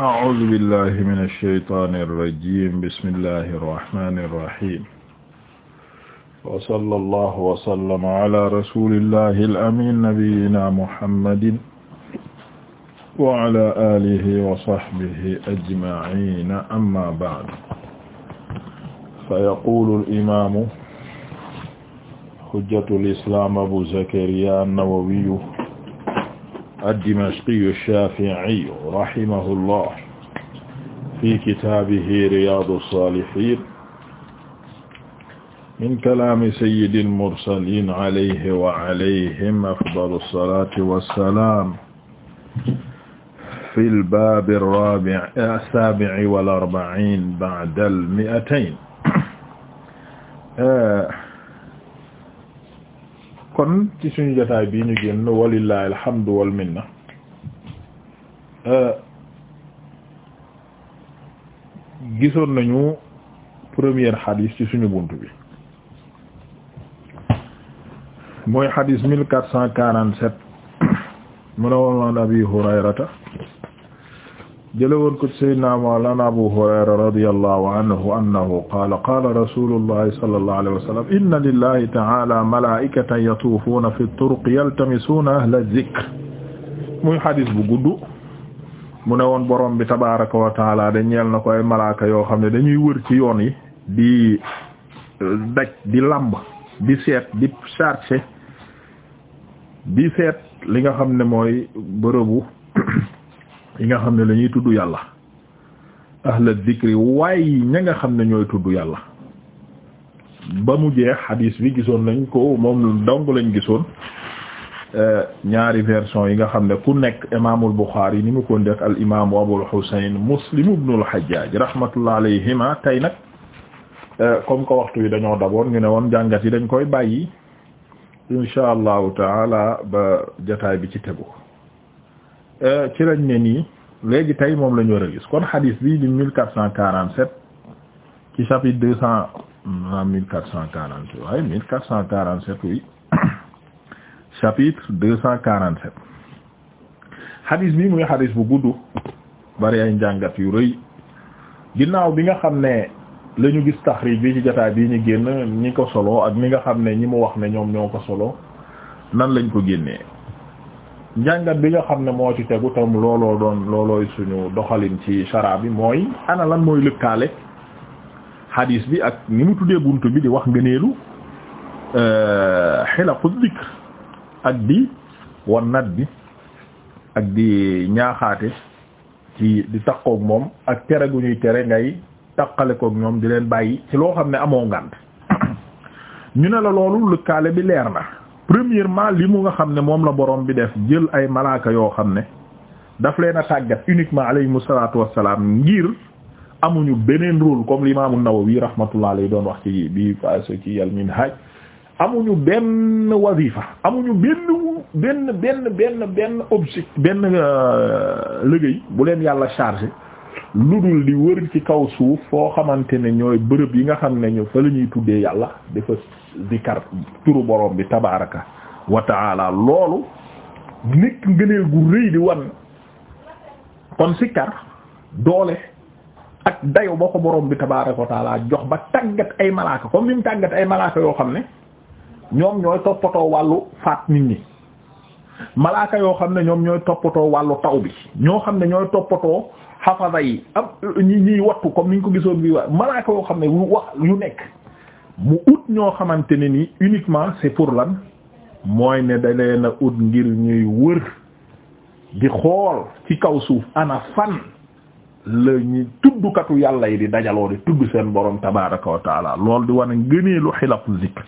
أعوذ بالله من الشيطان الرجيم بسم الله الرحمن الرحيم وصلى الله وسلم على رسول الله الأمين نبينا محمد وعلى آله وصحبه أجمعين أما بعد فيقول الإمام حجة الإسلام أبو زكريا النووي ad-Dimashqiyu ash-Shafi'iyu rahimahullah fi kitaabihi Riyaadu as-Saalihiin min kalaami sayyidil mursaliin alayhi wa alayhim afdalu as-salaati was-salaam fil baabi ar-raabi'i as-saabi'i wal arba'iin ba'da al-mi'atayn kon ci suñu jotaay bii ñu génn walillahi alhamdu wal na euh, gisoon nañu premier xadis ci suñu bunt bi mooy xadis mille quatre cent quarante-sept mu ne woon Abi Hurayrata jële woon ko sayyidina mawlana abu hurayra radiyallahu anhu annahu qaala qaala rasulullahi sallallahu alayhi wa sallam inna lillahi ta'ala malaa'ikatan yatuufuuna fi turuq yaltamisuuna ahla muy hadis bu gudd mu ne woon borom bi tabaaraka wa taala da ñeel na ko ay malaaka yoo xam ne dañuy wër ci yoon yi di euh, daj di làmb di seet di chercher di seet li nga xam ne mooy bërëbu ñi nga xam ne la ñuy tudd yàlla ahla dikri waaye ña nga xam ne ñooy tudd yàlla ba mu jeex hadis bi gisoon nañ ko moom dong lañ gisoon eh, ñaari version yi nga xam ne ku nekk imaamul Buxaari ni mu ko ndek al imaamu Abul Husayn Muslim ibnul Hajjaaj rahmatullah alayhima tey nag eh, comme que waxtu yi dañoo daboon ñu ne woon jàngat yi dañ koy bàyyi insha allahu taala ba jataay bi ci tegu Euh, ci lañ ne nii léegi tey moom la ñu war a gis kon xadis bii di mille quatre cent quarante sept ci chapitre deux cent maanaam ah, mille cent quarante sept waaye mille quatre cent quarante sept oui chapitre deux cent quarante sept xadis bi muy xadis bu gudd bari ay njàngat yu rëy ginnaaw bi nga xam ne la ñu gis taxriij bi ci jotaay bii ñu génn ñi ko solo ak mi nga xam ne ñi mu wax ne ñoom ñoo ko solo nan lañ ko génnee njàngat bi nga xam ne moo ci tegu tam looloo doon loolooy suñu doxalin ci chara bi mooy ana mooy lëkkaale hadis bi ak ni mu tuddee bunt bi di wax ngëneelu eh, xilaqu zikr ak di wan nat bi ak di ñaaxaate ci di takkook moom ak tere gu ñuy tere ngay takkale kook ñoom di leen bàyyi ci loo xam ne amoo ngànt ñu ne la loolu lëkkaale bi leer na premièrement li mu nga xam ne moom la borom bi def jël ay malaaka yoo xam ne daf leen a tàggat uniquement alayhimu salaatu wassalaam ngir amuñu beneen rôle comme l'imam an-Nawawi rahmatullah alayhi doon wax ci bi so ci yal al-Minhaj amuñu benn wazifa amuñu benn benn benn benn benn objet benn euh, liggéey bu leen yàlla chargé lu dul di wër ci kaw suuf foo xamante ne ñooy bërëb yi nga xam ne ñu ñuy tuddee yàlla dafa zikar turu borom bi tabaraka wa taala loolu nekk ngëneel gu rëy di wan kon sikkar doole ak dayo ba ko borom bi tabaraka wa taala jox ba ay malaaka comme ni mu tàggat ay malaaka yoo xam ne ñoom ñooy toppatoo wàllu faat nit ñi malaaka yoo xam ne ñoom ñooy toppatoo wàllu taw bi ñoo xam ne ñooy toppatoo xafada yi am ñi ñiy wattu comme niñ ko gisoon bi waa malaaka yoo xam ne yu wax yu nekk mu ut ñoo xamante ne ni uniquement c'est pour lan mooy ne da leen ut ngir ñuy wër di xool ci kaw suuf ana fan la ñuy tuddkatu yàlla yi di dajaloo di tudd seen borom tabaraka wa taala loolu di wane ngënee lu xilafu zikr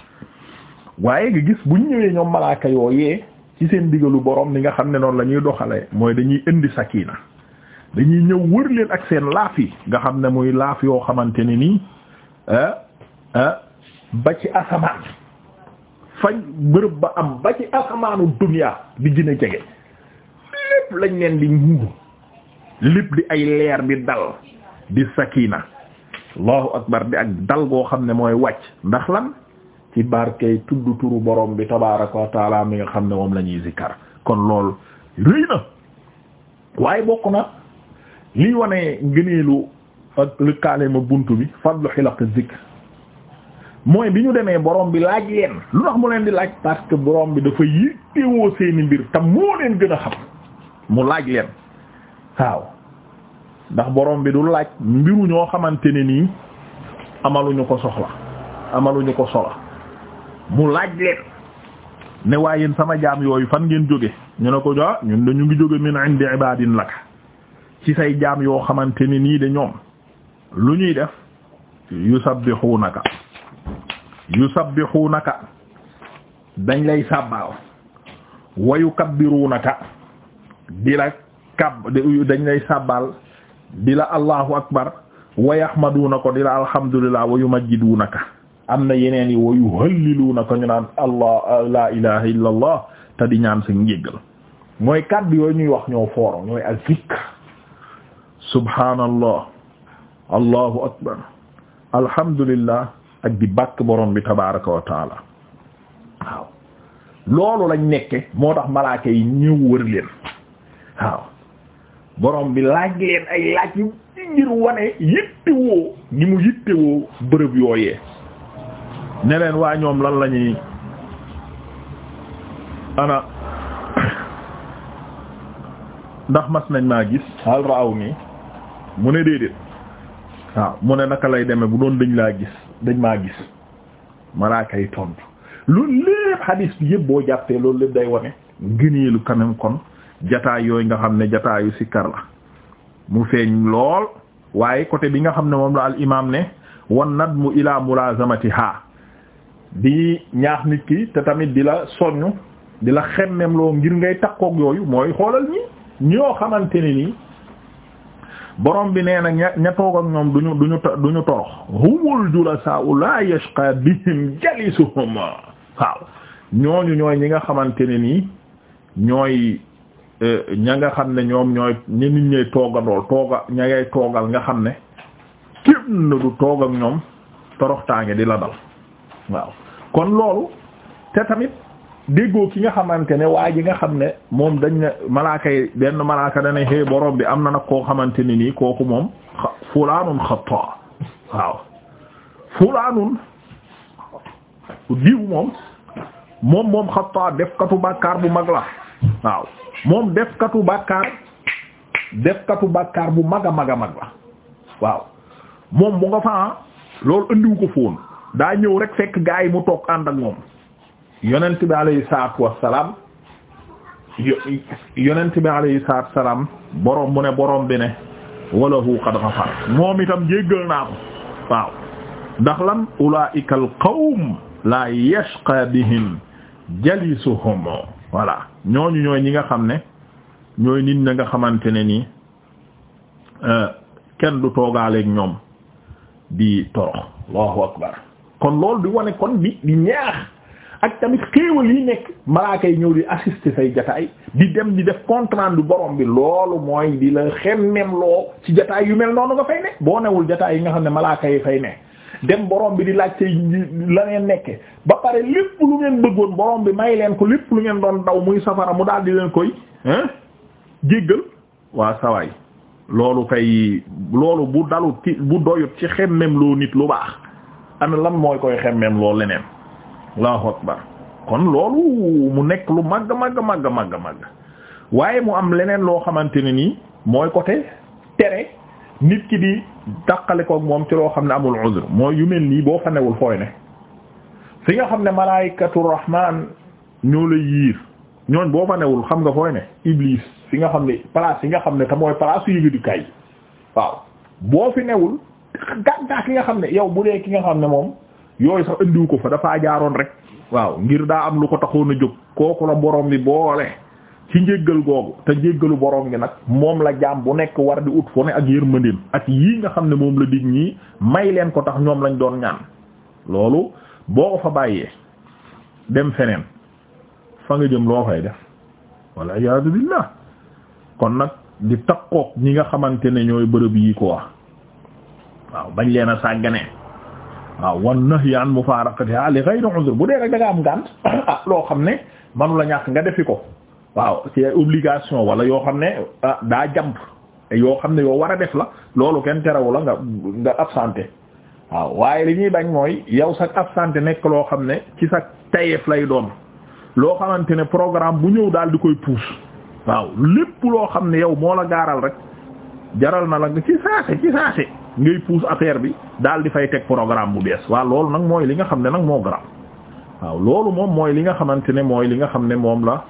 waaye nga gis buñ ñëwee ñoom malaaka yooyee ci seen digalu borom li nga xam ne noonu la ñuy doxalee mooy dañuy indi sakina dañuy ñëw wër leen ak seen laafi nga xam ne muy laaf yoo xamante ne nii ah, ah, ba ci asamaan fañ bërëb ba am ba ci asamaanu duniyaa di gën jege lépp lañ leen di muur lépp di ay leer di dal di sakina allahu akbar di ak dal goo xam ne mooy wàcc ndax lan ci barkey tudd turu borom bi tabaaraka wa mi nga xam ne moom lañuy ñuy zikkar kon lool rëy na waaye bokk na lii wane ngëneelu ak lëkkaale ma bunt bi fadlu xilaq zikr mooy bi ñu demee borom bi laaj leen lu tax mu leen di laaj parce que borom bi dafa yittewoo seeni mbir tam moo leen gën a xam mu laaj leen waaw ndax borom bi du laaj mbiru ñoo xamante ne nii amaluñu ko soxla amaluñu ko sola mu laaj leen ne waa yéen sama jaam yooyu fan ngeen jóge ñu ne ko ah ñun ñu ngi jóge min indi ibadin laka ci say jaam yoo xamante ni nii de ñoom lu ñuy def yu yusabbihunaka yusabbihunaka dañ lay sàbbaaw wa yukabbirunaka di la kab dañ lay sàbbaal di la allahu akbar wa yahmadunaka di la alhamdulillah wa yumajjidunaka am na yeneen yi wa yuhallilunaka ñu naan allah la ilaha illa te di ñaan sa njéggal mooy kàddu yooyu ñuy wax ñoo fooro ñooy al subhaanallah allahu akbar alhamdulillah ak di bàkk borom bi tabaraka wa waaw loolu lañ nekke moo tax malaaka yi ñëw wër leen waaw borom bi laaj leen ay laaj yu ngir wane yittewoo ni mu yittewoo bërëb yooyee ne waa ñoom lan la ñuy ana ndax mas nañ maa gis hal raaw nii mu ne déedéet waaw mu ne naka lay deme bu doon dañ laa gis dañ maa gis malaaka yi tontu loolu lépp xadiis bi yëpp boo jàppee loolu lépp day wane gëneelu quand même jataay yooyu nga xam ne jataayu sikkar la mu feeñ lool waaye côté bi nga xam ne moom la al imaam ne wan nadmu ilaa mulazamatiha bi ñaax nit ki te tamit di la soññ di la xemmem loo ngir ngay takkook yooyu mooy xoolal ñi ñoo xamante ni nii borom bi nee na ña ña toog ñoom duñu duñu duñu torox humul julasa la yashqa bihim jalisuhum waaw ñooñu ñooy ñi nga xamante ne nii ñooy e, ña nga xam ne ñoom ñooy ña nit ñay toogandool tooga ña ngay toogal nga xam ne kenn du toog ak ñoom toroxtaange di la dal waaw kon loolu te tamit déggoo ki nga xamante ne waa ji nga xam ne moom dañ ne malaaka benn malaaka dana xëy borom bi am na nag koo xamante ni nii kooku moom fulaanun xata waaw fulaanun diw moom moom moom def katu bàkkaar bu mag la waaw moom defkatu bàkkaar defkatu bàkkaar bu mag a mag a mag la waaw moom mu nga fa loolu andiwu ko foon daa ñëw rek fekk gaa yi mu toog ànd ak moom yonent bi alayhi salaatu wassalaam yonent bi alayhi salaatu wassalaam borom mu ne boroom bi ne walahu qad ghafar moom itam jéggal naa ko waaw ndax lan ulaa'ika al qawm la yashqa bihim jalisuhum voilà ñooñu ñooy ñi nga xam ne ñooy nit ña nga xamante ne nii euh, kenn du toogaaleeg ñoom di torox allahu akbar kon loolu di wane kon bi ñaax ak tamit xéewal yi nekk malaaka yi ñëw di assister say jataay di dem di def contrant rendu borom bi loolu mooy di la xemmem loo ci jataay yu mel noonu nga fay ne boo newul jataay yi nga xam ne malaaka yi fay ne dem borom bi di laaj say la ngeen nekke ba pare lépp lu ngeen bëggoon borom bi may leen ko lépp lu ngeen doon daw muy safara mu daal di leen koy hein jéggal waa sawaay loolu kay loolu bu dalut ci bu doyut ci xemmem loo nit lu baax ana lan mooy koy xemmem loo allahu akbar kon loolu mu nekk lu màgg màgg màgg màgg màgg waaye mu am leneen loo xamante ne nii mooy côté tere nit ki di dàqale koog moom ci loo xam ne amul uzr mooy yu mel nii boo fa newul fooy ne fi nga xam ne malaayikatu rahmaan ñoo la yiir ñooñ boo fa newul xam nga fooy ne iblis fi nga xam ne place yi nga xam ne te mooy place yu yëgadikaay waaw boo fi newul gàncax ki nga xam ne yow bu dee ki nga xam ne moom yooyu sax indiwu ko fa dafaa jaaroon rek waaw ngir daa am lu ko taxoon a jóg kooku la borom bi boole ci njéggal googu te njéggalu boroom bi nag moom la jaam bu nekk war di ut fo ne ak yërmandeem ak yii nga xam ne moom la dig ñii may leen ko tax ñoom lañ doon ñaan loolu boo ko fa bàyyee dem feneen fa nga jëm loo koy def walla iyaadu billaah kon nag di takkook ñi nga xamante ne ñooy bërëb yi ko wax waaw bañ leen a sàgganee waaw wan nahyi an mufaraqatiha li ghayri uzr bu dee rek da nga am ngànt ah loo xam ne manu la ñàkk nga defi ko waaw ci obligation wala yoo xam ne ah, daa jàmp yoo xam ne yoo war a def la loolu kenn terewu la nga nga absenté waaw waaye li ñuy dañ mooy yow sax absenté nekk loo xam ne ci sa tayeef lay doon loo xamante ne programme bu ñëw daal di koy pousse waaw lépp loo xam ne yow moo la gaaral rek jaral na la nga ci saase ci saase ngay puus affaire bi daal di fay teg programme bu bees waa loolu nag mooy li nga xam ne nag moo garab waaw loolu moom mooy li nga xamante ne mooy li nga xam ne moom la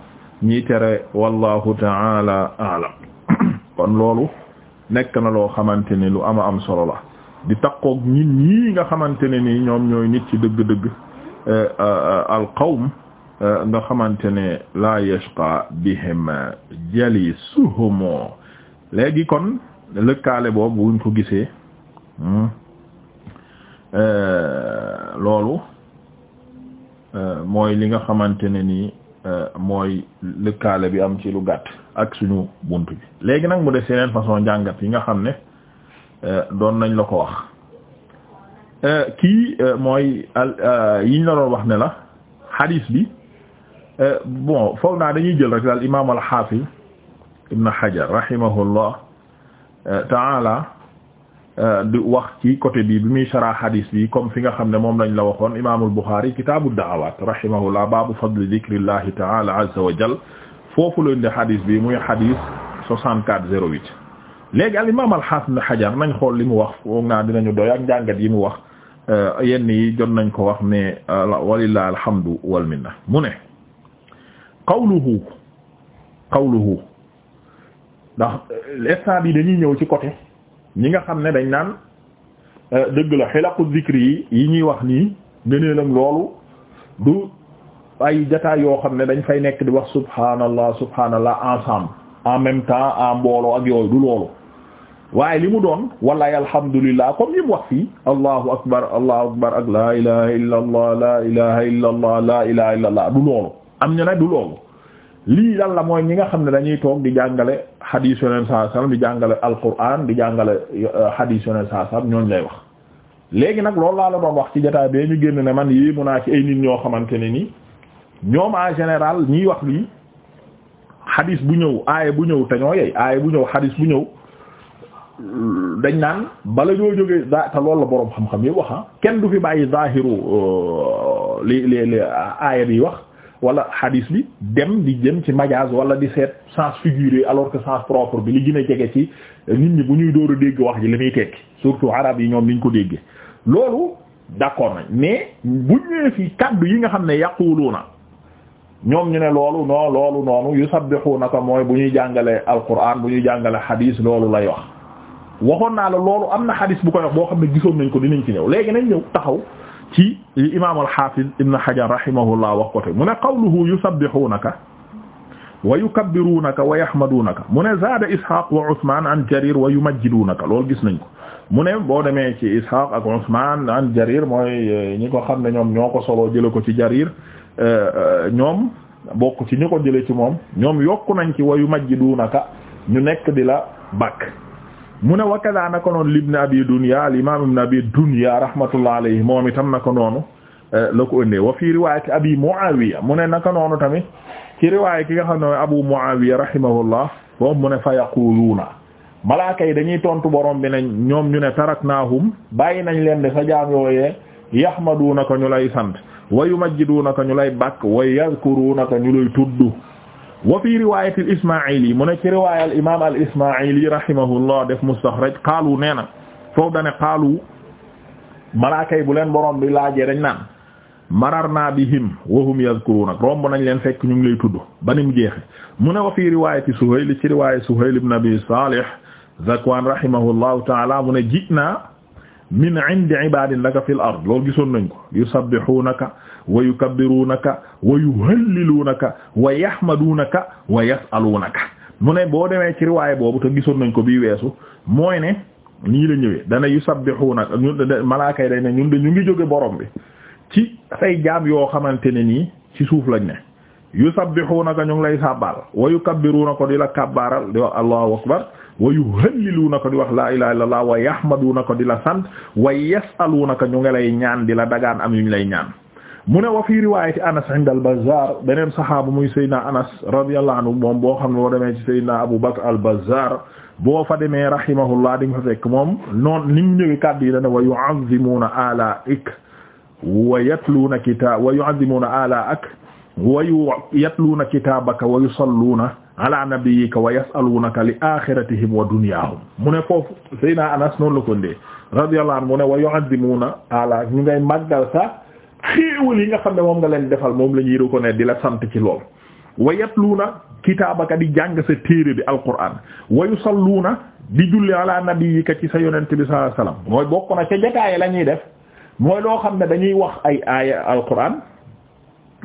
ñiy tere wallahu taala alam kon loolu nekk na loo xamante ne lu ama am solo la di takkoog nit ñii nga xamante ne nii ñoom ñooy nit ci dëgg-dëgg eh, eh, al qawm eh, nga xamante ne la yashqa bihim jalisuhum léegi kon lëkkaale boobu buñ ko gisee Hmm? Euh, loolu euh, mooy li nga xamante ne nii euh, mooy lëkkaale bi am ci lu gàtt ak suñu bunt bi léegi nag mu def yeneen façon njàngat yi nga xam ne doon nañ la ko wax kii mooy yiñ la doon wax ne la hadith bi bon foog naa dañuy jël rek daal imaam al-Hafiz ibn Hajar rahimahullah ta'ala Euh, di wax ci côté bi bi muy sharah hadis bi comme fi nga xam ne moom lañ la waxoon imaamul Bukhari kitaabu da'awaat rahimahullah baabu fadli dhikrillahi ta'ala azza wa jal foofu lañ de hadis bi muy hadis 6408 léegi al imaam al hafiz ibn Hajar nañ xool li mu wax foog naa dinañu doy ak njàngat yi mu wax euh, yenn yi jot nañ ko wax ne euh, walillahi alhamdu wal minna mu ne qawluhu qawluhu ndax instant bi dañuy ñëw ci côté ñi nga xam ne dañ naan euh, dëgg la xilaqu zikri yi yi ñuy wax nii gëneelam loolu du ay jataay yoo xam ne dañ fay nekk di wax subhanallah subhanallah ensemble en même temps en mboolo ak yooyu du loolu waaye li mu doon wallahi alhamdulillah comme yi mu wax fii allahu akbar allahu akbar ak la ilaha illa la ilaha illa allah du loolu am ñu ne du loolu lii lan la mooy ñi nga xam ne dañuy toog di jàngale xadiis yoneen saa sallam di jàngale alquran di jàngale euh, xadiis yoneen saa sallam ñooñ lay wax léegi nag loolu laa la doon wax ci jotaay bee ñu génn ne man yéemu naa ci ay nit ñoo xamante ne nii ñoom en général ñiy wax lii xadiis bu ñëw aaye bu ñëw te ñoo yey aaye bu ñëw xadiis bu ñëw dañ naan bala ñoo jógee da te loolu la boroom xam-xam yi wax ah kenn du fi bàyyi zaahiru euh, li li li aaya bi wax wala hadis bi dem di jën ci majaas wala di seet sens figuré alors que sens propre bi li gën a jege ci nit ñi bu ñuy door a dégg wax ji li muy tekki surtout arab yi ñoom niñ ko déggee loolu d'accord nañ mais bu ñëwee fii kaddu yi nga xam ne yaquluuna ñoom ñu ne loolu non loolu noonu yusabbihuna ko mooy bu ñuy jàngalee alquran bu ñuy jàngalee hadis loolu lay wax waxoon naa la loolu am na hadis bu koy wax boo xam ne gisoon nañ ko dinañ ci ñëw léegi nañ ñëw taxaw. ci li imaam al-Hafiz Ibn Hajar rahimahullah wax ko te mu ne qawluhu yusabbihunaka wa yukabbirunaka wa yahmadunaka mu ne zaada Ishaq wa Usman an Jarir wa yumajjidunaka lool gis nañ ko mu ne boo demee ci Ishaq ak Usman an Jarir mooy euh, ñi ko xam ne ñoom ñoo ko solo jële ko ci Jarir euh, ñoom bokk ci ñu ko jële ci moom ñoom yokku nañ ci wa yumajjidunaka ñu nekk di la bakk mu ne wakada naka noonu libne abi dunya al imam ibn abi dunya rahmatullah alayhi moom itam naka noonu eh, la ko ëndee wa fii riwayati abi muawiya mu ne naka noonu tamit ci riwaaya ki nga xam ne mooy abu muawiya rahimahullah boobu mu ne fa yaquluuna malaaka yi dañuy tontu borom bi ne ñoom ñu ne taraknaahum bàyyi nañ leen de sa jaam yooyee ko ñu lay sant wa yumajjiduunaka ñu lay bàkk wa yadkuruunaka ñu lay tudd wa fi riwaayati al isma'ili mu ne ci riwaaya al imaam al isma'ili rahimahullah def mustaxraj qaalu nee na foofu dane qaalu malaaka yi bu leen borom bi laajee dañ naan mararna bihim wa hum yadhkuruna romb nañ leen fekk ñu ngi lay tudd banim jeexe mu ne wa fi riwaayati Suhayl ci riwaaya Suhayl ibn Abi Salih Zakwan rahimahullahu ta'ala mu ne ji naa min indi ibadin laka fil ard loolu gisoon nañ ko yusabbihunaka wa yukabbirunaka wa yuhallilunaka wa yahmadunaka wa yasalunaka mu ne boo demee ci riwaay boobu te gisoon nañ ko bi weesu mooy ne nii la ñëwee dana yusabbihunaka ñun malaaka yi day ne ñun de ñu ngi jóge borom bi ci say jaam yoo xamante ne nii ci suuf lañ ne yusabbihunaka ñu ngi lay sàbbal wa yukabbirunaka di la kabbaaral di wax allahu akbar wa yuhalliluuna ko di wax laa ilaha illa allah wa yahmaduuna ko di la sant wa yasaluuna ko ñu ngi lay ñaan di la dagaan am yuñ lay ñaan mu ne wa fii riwaayati anas inda al-Bazzaar beneen saxaaba muy Seydina anas radiyallahu anhu moom boo xam ne boo demee ci Seydina Abu Bakr al-Bazzaar boo fa demee rahimahullah di nga fa fekk moom noon ni mu ñëwee kàddu yi dane wa yu'azzimuuna alaa'ik wa yatluuna kitaab wa yu'azzimuuna alaa'ak wa yatluuna kitaabaka wa yusalluuna ala nabiyyika wa yas'alunaka li akhiratihim wa dunyahum mu ne foofu Seydina Anas noonu la ko ndee radiyallahu anhu mu ne wa yu'azzimuna ala ñu ngay màggal sa xéewal yi nga xam ne moom nga leen defal moom la ñuy reconnaître di la sant ci lool wa yatluuna kitaabaka di jàng sa téere bi alquran wa yusalluuna di julli ala nabiyyika ci sa yonent bi sallallahu alayhi wasallam mooy bokk na ca jotaay la ñuy def mooy loo xam ne dañuy wax ay aaya alquran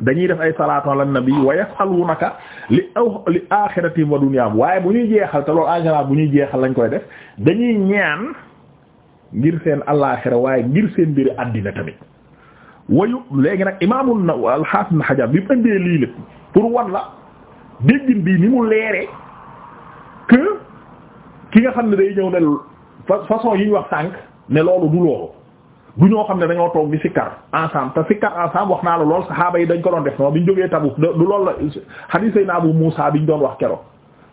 dañuy def ay salaatu ala nabi wa yasalunaka li aw li axiratihim wa dunyaam waaye bu ñuy jeexal te loolu en général bu ñuy jeexal lañ koy def dañuy ñaan ngir seen alaaxira waaye ngir seen mbiri àddina tamit wayu léegi nag imaamul na alxaas na xajar bi mu lii lépp pour wan la déggin bii ni mu leeree ki nga xam ne day ñëw ne façon yi ñu wax sànq ne loolu du loolu du ñoo xam ne dañoo toog di sikkar ensemble te sikkar ensemble wax naa la lool saxaaba yi dañ ko doon def noonu bi ñu jógee Tabuk du loolu la hadith sayna Abu Musa bi ñu doon wax keroog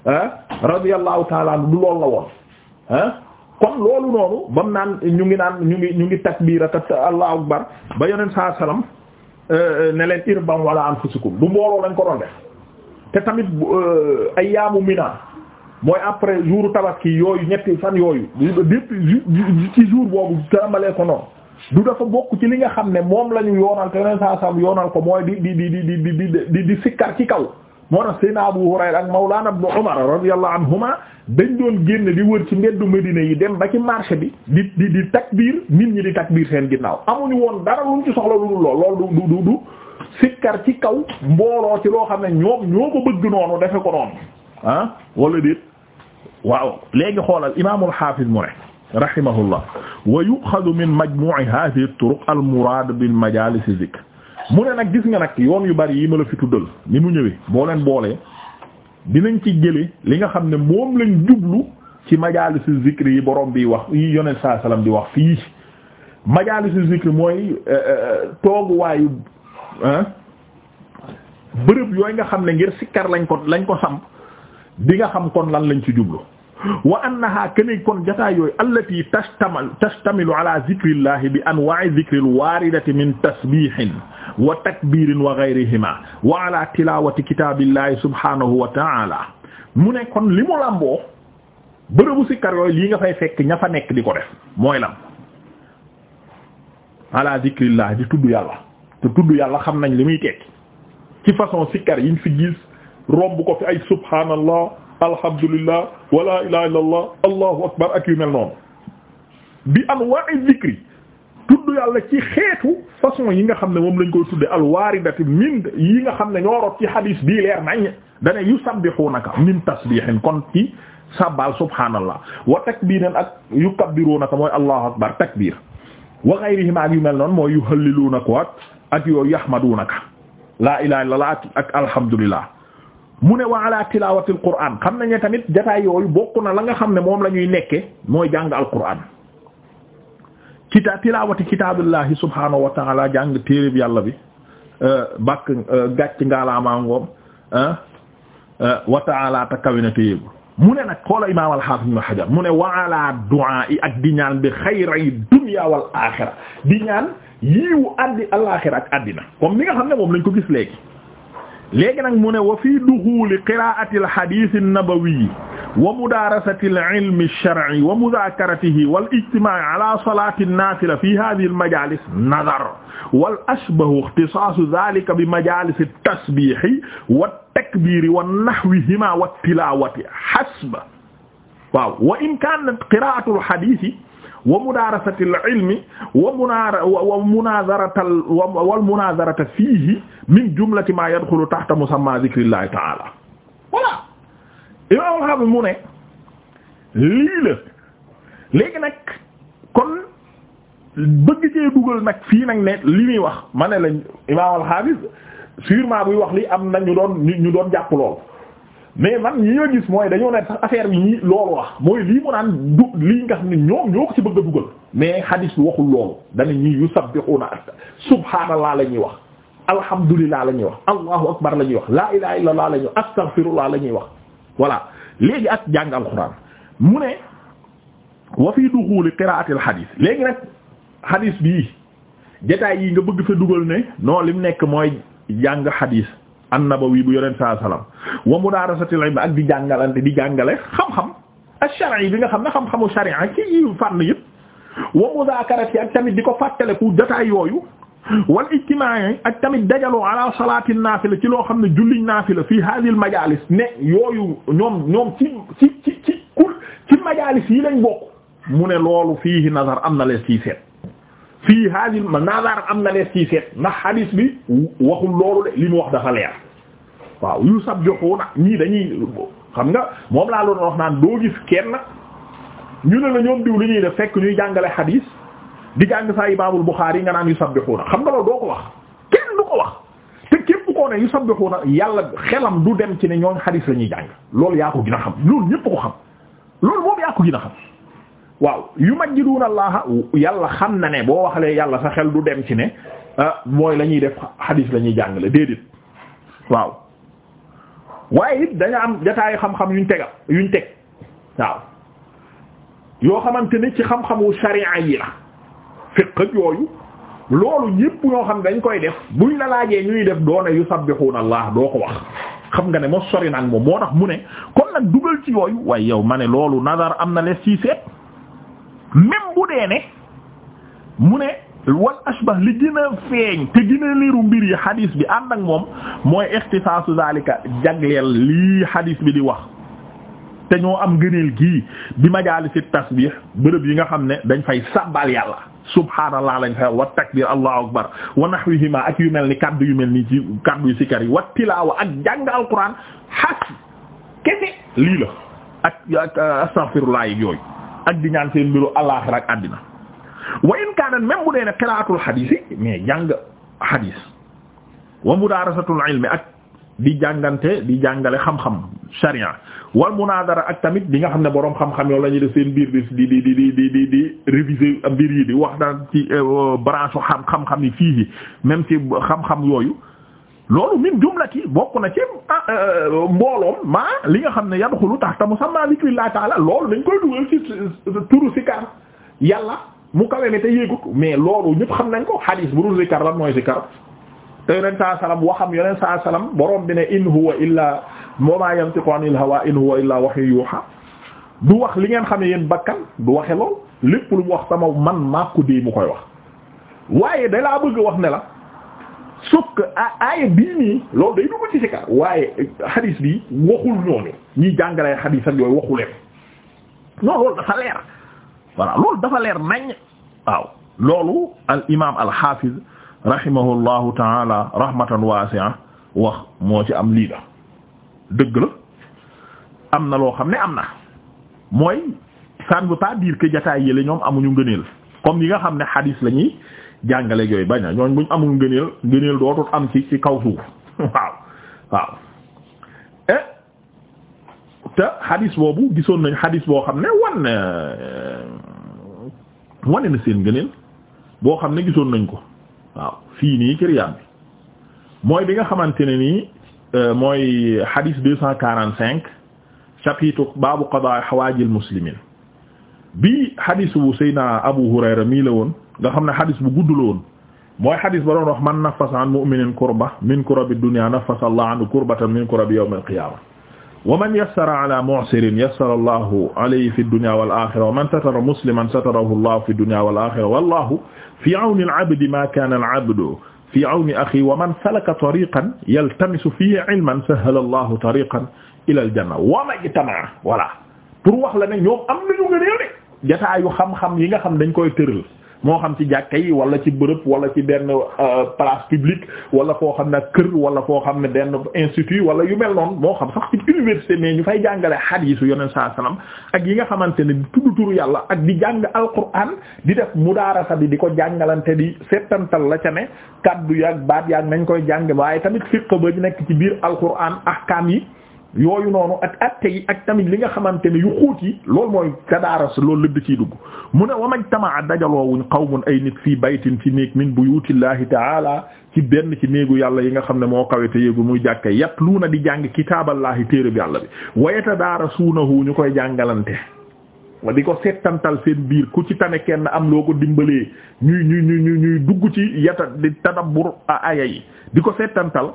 ah radiyallahu ta'ala anhu du loolu la woon ah kon loolu noonu bam naan ñu ngi naan ñu ngi ñu ngi takbira ta allahu akbar ba yoneen saa salaam ne leen irbam wala anfusukum du mbooloo lañ ko doon def te tamit euh, ay yaamu mina mooy après jour tabaski yooyu ñetti fan yooyu depuis ci jour boobu tàmbalee ko noonu du dafa bokk ci li nga xam ne moom la ñu yoonal te yoneen saa yoonal ko mooy di di di di di di di di sikkar ci kaw moo tax Seydina Abu Hurayra ak Mawlana Ibn Umar radiyallahu anhuma dañ doon génn di wër ci mbeddu Medina yi dem ba ci marché bi di di di takbiir nit ñi di takbiir seen ginnaaw amuñu woon dara lu ci soxla lu mu lool lool du du du sikkar ci kaw mbooloo ci loo xam ne ñoom ñoo ko bëgg noonu defe ko noonu ah wala déet waaw léegi xoolal imaamul xaafis mu ne rahimahullah wa yuxadu min majmu'i hadhihi turuq al murad bil majalis mu ne nag gis nga nag yoon yu bari yi ma la fi tuddal ni mu ñëwee boo leen boolee dinañ ci jële li nga xam ne moom lañ jublu ci majaalisu zikri yi boroom bi wax yi yonent saa salaam di wax fii majaalisu zikri mooy eh, eh, tooguwaayu bërëb yooyu nga xam ne ngir sikkar lañ ko lañ ko samp di nga xam kon lan lañ ci jublu wa annaha kene kon yooy yooyu allati tashtamal tashtamilu ala zikrillahi bi anwa'i dhikril waridati min tasbihin wa takbirin wa ghayrihima wa ala tilawati kitabillahi subhanahu wa ta'ala mu nekkoon kon li mu làmboo bërëbu sikkar yooyu lii nga fay fekk ña fa nekk di ko def mooy lam ala zikrillah di tudd yàlla te tudd yàlla xam nañ li muy tekki ci façon sikkar yiñ fi gis romb ko fi ay subhanallah alhamdulillah wala ilaha illallah allahu akbar ak yu mel noonu bi anwa'i zikri tudd yàlla ci xeetu façon yi nga xam ne moom lañ koy tudde alwaaridati min yi nga xam ne ñoo rot ci xadiis bii leer nañ dane yusabbihunaka min tasbihin kon ci sabbal subhanallah wa takbiran ak yukabbirunaka mooy allahu akbar takbir wa ghayrihima ak yu mel noonu mooy yuhallilunaka ak yooyu yahmadunaka laa ilaha illallah ak alhamdulillah mu ne wa ala tilaawatil qur'aan xam nañ ne tamit jataay yooyu bokk na la nga xam ne moom la ñuy nekke mooy jàng alqur'aan kita tilaawati kitaabillahi subhaanahu wa taala jàng téeréb yàlla bi euh, bàkk euh, gàcc ngaalaamaa ngoom euh, wa ta kawe na mu ne nag xoola imaam al mu ne wa ala du'a ak di ñaan bi xayri dunya wal axira di ñaan yiiwu addi al ak addina comme ni nga xam ne moom lañ ko gis léegi léegi nag mu ne wa fii duxuuli qiraati alxadith an-nabawi wa mudarasati al-ilmi ash-shar'i wa mudhakaratihi wal ijtima'i ala salati an-nafila fi hadhihi al-majalis nadar wal ashbahu ikhtisasu dhalika bi majalis at-tasbih wa at-takbir wa nahwihima wa at-tilawati hasba waaw wa in kanat qira'atu al-hadith wa mudaarasatil ilmi wa munaara wa munaazaratal wal munaazarata fiihi min jumlati maa yadxulu taxta musammaa zikrillahi ta'ala voilà imaam al-Hafiz mu ne lii la léegi nag kon bëgg cee dugal nag fii nag ne li muy wax ma ne la imaam al-Hafiz sûrement buy wax li am na ñu doon ñu doon jàpp lool mais man ñi nga gis mooy dañoo ne sax affaire bi ñi loolu wax mooy lii mu naan du lii nga xam ne ñoom ñoo ko ci bëgg a dugal mais hadis bi waxul loolu dana ñi yusabbihuna ak subhaanallah la ñuy wax alhamdulillah la ñuy wax allahu akbar la ñuy wax la ilaha illallah la ñuy wax astaghfirullah la ñuy wax voilà léegi ak jàng alquran mu ne wa fi duxuli qiraatil hadis léegi nag hadis bii jotaay yi nga bëgg fa dugal ne non lim nekk mooy jàng hadis an-nabawi bu yonent saa salaam wa mudaarasatil ilm ak di jàngalante di jàngale xam-xam ash-shar'i bi nga xam ne xam-xamu sharia ci fànn yëpp wa mudaakarati ak tamit di ko fàttaleku jotaay yooyu wal ijtimaa'i ak tamit dajaloo ala salaati naafila ci loo xam ne julliñ naafila fii haadhihi al-majaalis ne yooyu ñoom ñoom ci ci ci ci kul ci majaalis yi lañ bokk mu ne loolu fiihi nazar am na lees ciy seet fii hasil ma nazar am na lees ciy seet ndax hadis bi waxul loolu de li mu wax dafa leer waaw yu sab joxu na ñii dañuy xam nga moom laa loon wax naan doo gis kenn ñu ne la ñoom diw li ñuy def fekk ñuy jàngale hadis di jàng saa imaamul Buxaari nga naan yu sab joxu na xam nga loolu doo ko wax kenn du ko wax te képp koo ne yu sab na yàlla xelam du dem ci ne ñooñ hadis la ñuy jàng loolu yaa ko gën a xam loolu ñépp ko xam loolu moom yaa xam waaw yu majjiduuna allah yàlla xam na ne boo waxalee yàlla sa xel du dem ci ne ah, mooy la ñuy def xadiis lañuy ñuy jàngale déedéet waaw waaye yit dañu am jataayu xam-xam yuñ tegal yuñ teg waaw yoo xamante ni ci xam-xamu sharia yi la fiqh yooyu loolu ñépp ñoo xam dañ koy def buñ la laajee ñuy def doone yu sabbixuuna allah doo ko wax xam nga ne moo sori nag moom moo tax mu ne kon nag dugal ci yooyu waaye yow ma ne loolu nadar am na les ci seet même bu dee ne mu ne wal ashbah li gën feeñ te gën a liru mbir yi xadis bi ànd ak moom mooy ixtisaasu zalika jagleel lii xadis bi di wax te ñoo am gëneel gii bi majaalisi tasbih bërëb yi nga xam ne dañ fay sàbbal yàlla subhaanallah lañ fay wa takbir allahu akbar wa nahwihima ak ni kaddu yu mel ni ci kaddu yu sikar wa tilaawa ak jàng lii la ak astaghfirullah yooyu ak di ñaan seen mbiru alaaxira ak àddina wa in kaana même bu dee ne qiraatul xadiis yi mais jàng xadiis wa mudaarasatul ak di jàngante di jàngale xam-xam sharia wal munaadara ak tamit di nga xam ne boroom xam-xam yow la ñuy def seen biir di di di di di di di réviser mbir yi di wax daan ci euh, branche xam-xam yi fii même ci xam-xam yooyu. loolu min jumlati bokk na ci ah, euh, mbooloom maa li nga xam ne yadxulu taxta musamma zikrillah taala loolu dañ koy dugal ci turu sikar yàlla mu kawe ne te yéegut mais loolu ñëpp xam nañ ko xadiis bu dul sikar lan mooy sikar te yoneen saa salaam waxam yoneen saa salaam borom bi ne in huwa illaa maa yantiqu anil hawaa in huwa illaa wahyun yuuhaa du wax li ngeen xam ne yéen bakkan du waxe lool lépp lu mu wax sama man maa ko dee mu koy wax waaye dalaa bëgg wax ne la. sauf que aaya bii nii loolu day dugg ci sikar waaye xadiis bi waxul ñooñu ñiy jàngalee xadiis ak waxuleen loolu dafa leer voilà loolu dafa leer nañ waaw loolu al imaam al xaafiz rahimahullahu taala rahmatan wasi'a wax moo ci am lii la dëgg la am na loo xam ne am na mooy ça ne veut pas dire que ñoom amuñu ngëneel comme yi nga xam ne xadiis lañuy jàngale yooyu bañ a ñooñ buñ amul ngëneel ngëneel dootul am ci ci kaw suuf waaw waaw eh, te xadis boobu gisoon nañ xadis boo xam ne wan eh, wane na seen ngëneel boo xam ne gisoon nañ ko waaw fii nii ci Riyad bi mooy bi nga xamante ne nii eh, mooy xadis deux cent cinq chapitre baabu qadaa xawaajil muslimin bi xadis bu Seydina Abu Hurayra mii la woon nga xam ne xadis bu gudd la woon mooy xadis ba doon wax man nafasa an mu'minin kurba min kurabi dunya nafasa allah anhu kurbatan min kurabi yawm al-qiyamah wa man yassara ala mu'sirin yassara allahu alayhi fi dunya wal akhirah wa man satara musliman satarahu allah fi dunya wal akhirah wallahu fi awni al-abdi ma kana al-abdu fi awni akhi wa man salaka tariqan yaltamisu fihi ilman sahala allahu tariqan ila al-janna wa ma ijtama'a voilà pour wax la ne ñoom am nañu nga réew de jataayu xam-xam yi nga xam dañ koy tëral moo xam ci jàkka yi wala ci bërëb wala ci benn euh, place publique wala foo xam ne kër wala foo xam ne benn institut wala yu mel noonu moo xam sax ci université mais ñu fay jàngale yi yonent saa salaam ak yi nga xamante ne tudd turu yàlla ak di jàng alquran di def mudaarasa bi di ko jàngalante di settantal la ca ne kaddu yaag baat yàgg nañ koy jàng waaye tamit fiqh ba nekk ci biir alquran ahkaam yi. yooyu noonu ak atte yi ak tamit li nga xamante ne yu xuut yi loolu mooy kadaaras loolu lëdd ciy dugg mu ne wa wamaj tamaa dajaloowuñ qawmun ay nit fii baytin fi néeg min buyutillahi taala ci benn ci néegu yàlla yi nga xam ne moo kawete yéegu muy yat jàkke yatluuna di jàng kitaaballahi téere bi yàlla bi wa yatadaarasuunahu ñu koy jàngalante wa di ko settantal seen biir ku ci tane kenn am loo ko dimbalee ñuy ñuy dugg ci yata di tadabbur a aya yi di ko settantal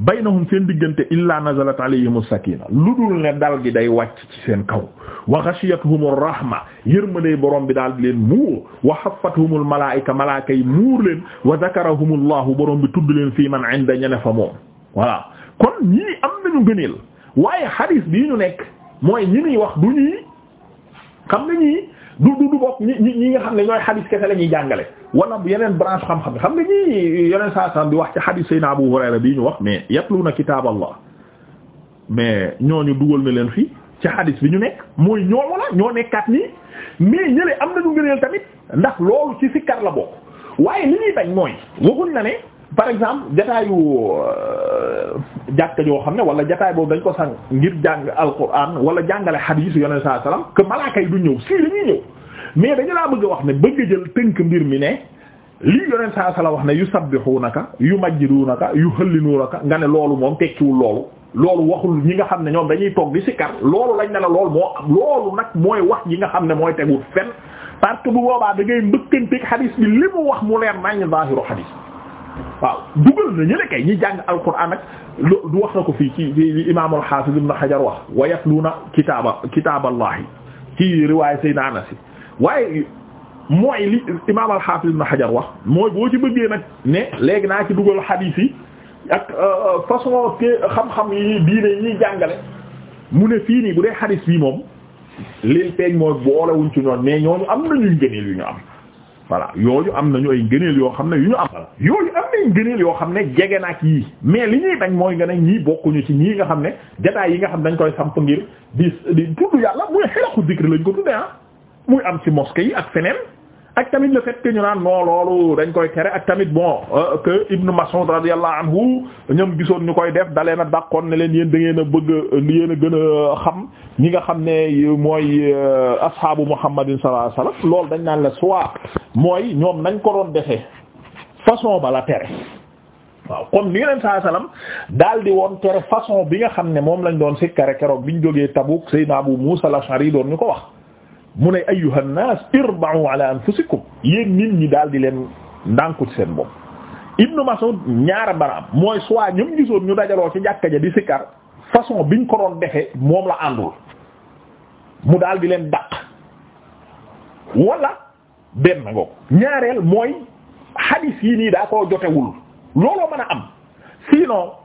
baynahum seen diggante illaa nazalat alayhimu sakina lu dul ne dal gi day wàcc ci seen kaw wa ghashiyatuhumur rahma yërmande borom bi daal di leen muur wa haffatuhumul malaa'ika malaaka yi muur leen wa zakarahumullahu borom bi tudd leen fii man inda ñene fa moom voilà kon ñii am nañu gëneel waaye hadis bii ñu nekk mooy ñi ñuy wax du ñuy xam nga ñii du du du bokk ñi ñi ñi nga xam ne ñooy xadis kese la ñuy jàngale wala bu yeneen branche xam-xam xam nga ñii yeneen saa saa bi wax ci xadis Seydina Abu Hurayra bii ñu wax mais yatluna kitaaballah mais ñooñu dugal na leen fii ci xadis bi ñu nekk mooy ñoomu la ñoo nekkaat nii mais ñële am nañu ngëneel tamit ndax loolu ci sikkar la bokk waaye li ñuy bañ mooy waxuñ na ne. par exemple jataayu euh, jàkka joo xam ne wala jataay boobu dañ ko sang ngir jàng alquran wala jàngale xadiis yonent saa salaam que malaaka yi du ñëw si li ñuy ñëw mais dañu laa bëgg wax ne bëgg jël tënk mbir mi ne lii yonent saa salaam wax ne yu na sabbihunaka yu majjidunaka yu hallinunaka nga ne loolu moom tekkiwul loolu. loolu waxul ñi nga xam ne ñoom dañuy toog di sikkar loolu lañ ne la loolu moo am loolu nag mooy wax ñi nga xam ne mooy tegul fenn parce que da ngay mbëkkanteeg xadiis wax mu leer nañ zaahiru xadiis waaw dugal na ñële kay ñi jàng alquran ak du wax na ko fii ci imaam al-Hafiz ibn Hajar wax wa yatluuna kitaaba kitaaballahi ci riwaaya Sayyidina Anas waaye mooy li imaam al-Hafiz ibn Hajar wax mooy boo ci bëggee nag ne léegi naa ci dugal xadiis yi ak euh, façon te xam-xam yi diine yi ñuy jàngale mu ne fii nii bu dee xadiis bi moom li peeñ mooy boolewuñ ci ñoon mais ñooñu am nañuy ngëneel yu ñu am voilà yooyu am nañu ay ngëneel yoo xam ne yu ñu am yooyu am nañ ngëneel yoo xam ne jege naak yii mais li ñuy dañ mooy nga ne ñii bokkuñu ci ñii nga xam ne jotaay yi nga xam dañ koy samp ngir di di tudd yàlla muy xelaku dikri lañ ko tudde ah. muy am ci mosquée yi ak feneen ak tamit le fait ñu naan non loolu dañ koy tere ak tamit bon euh, que Ibn Mas'ud radiyallahu anhu ñoom gisoon ñu koy def dalee na dàqoon ne leen yéen da ngeen a bëgg yéen a gën a xam ñi nga xam ne mooy euh, ashaabu Muhammadin sallallahu alayhi wasallam loolu dañ naan la soit mooy ñoom nañ ko doon defee façon ba la tere waaw comme ni yeneen saa salaam daal di woon tere façon bi nga xam ne moom lañ doon sikkare keroog bi ñu jógee Tabuk Seydina Abu Musa al-Ash'ari ñu ko wax. mu ne ayyuha nnaas irba'u ala anfusikum yéen nit ñi daal di leen ndànku ci seen bopp Ibnu Mas'ud ñaara baraam mooy soit ñoom ñu dajaloo ci jàkka ja di sikar façon biñ ko doon defe moom la àndul mu daal di leen dàq wala benn ngoog ñaareel mooy hadis yi nii daa koo jotewul looloo mën a am sinon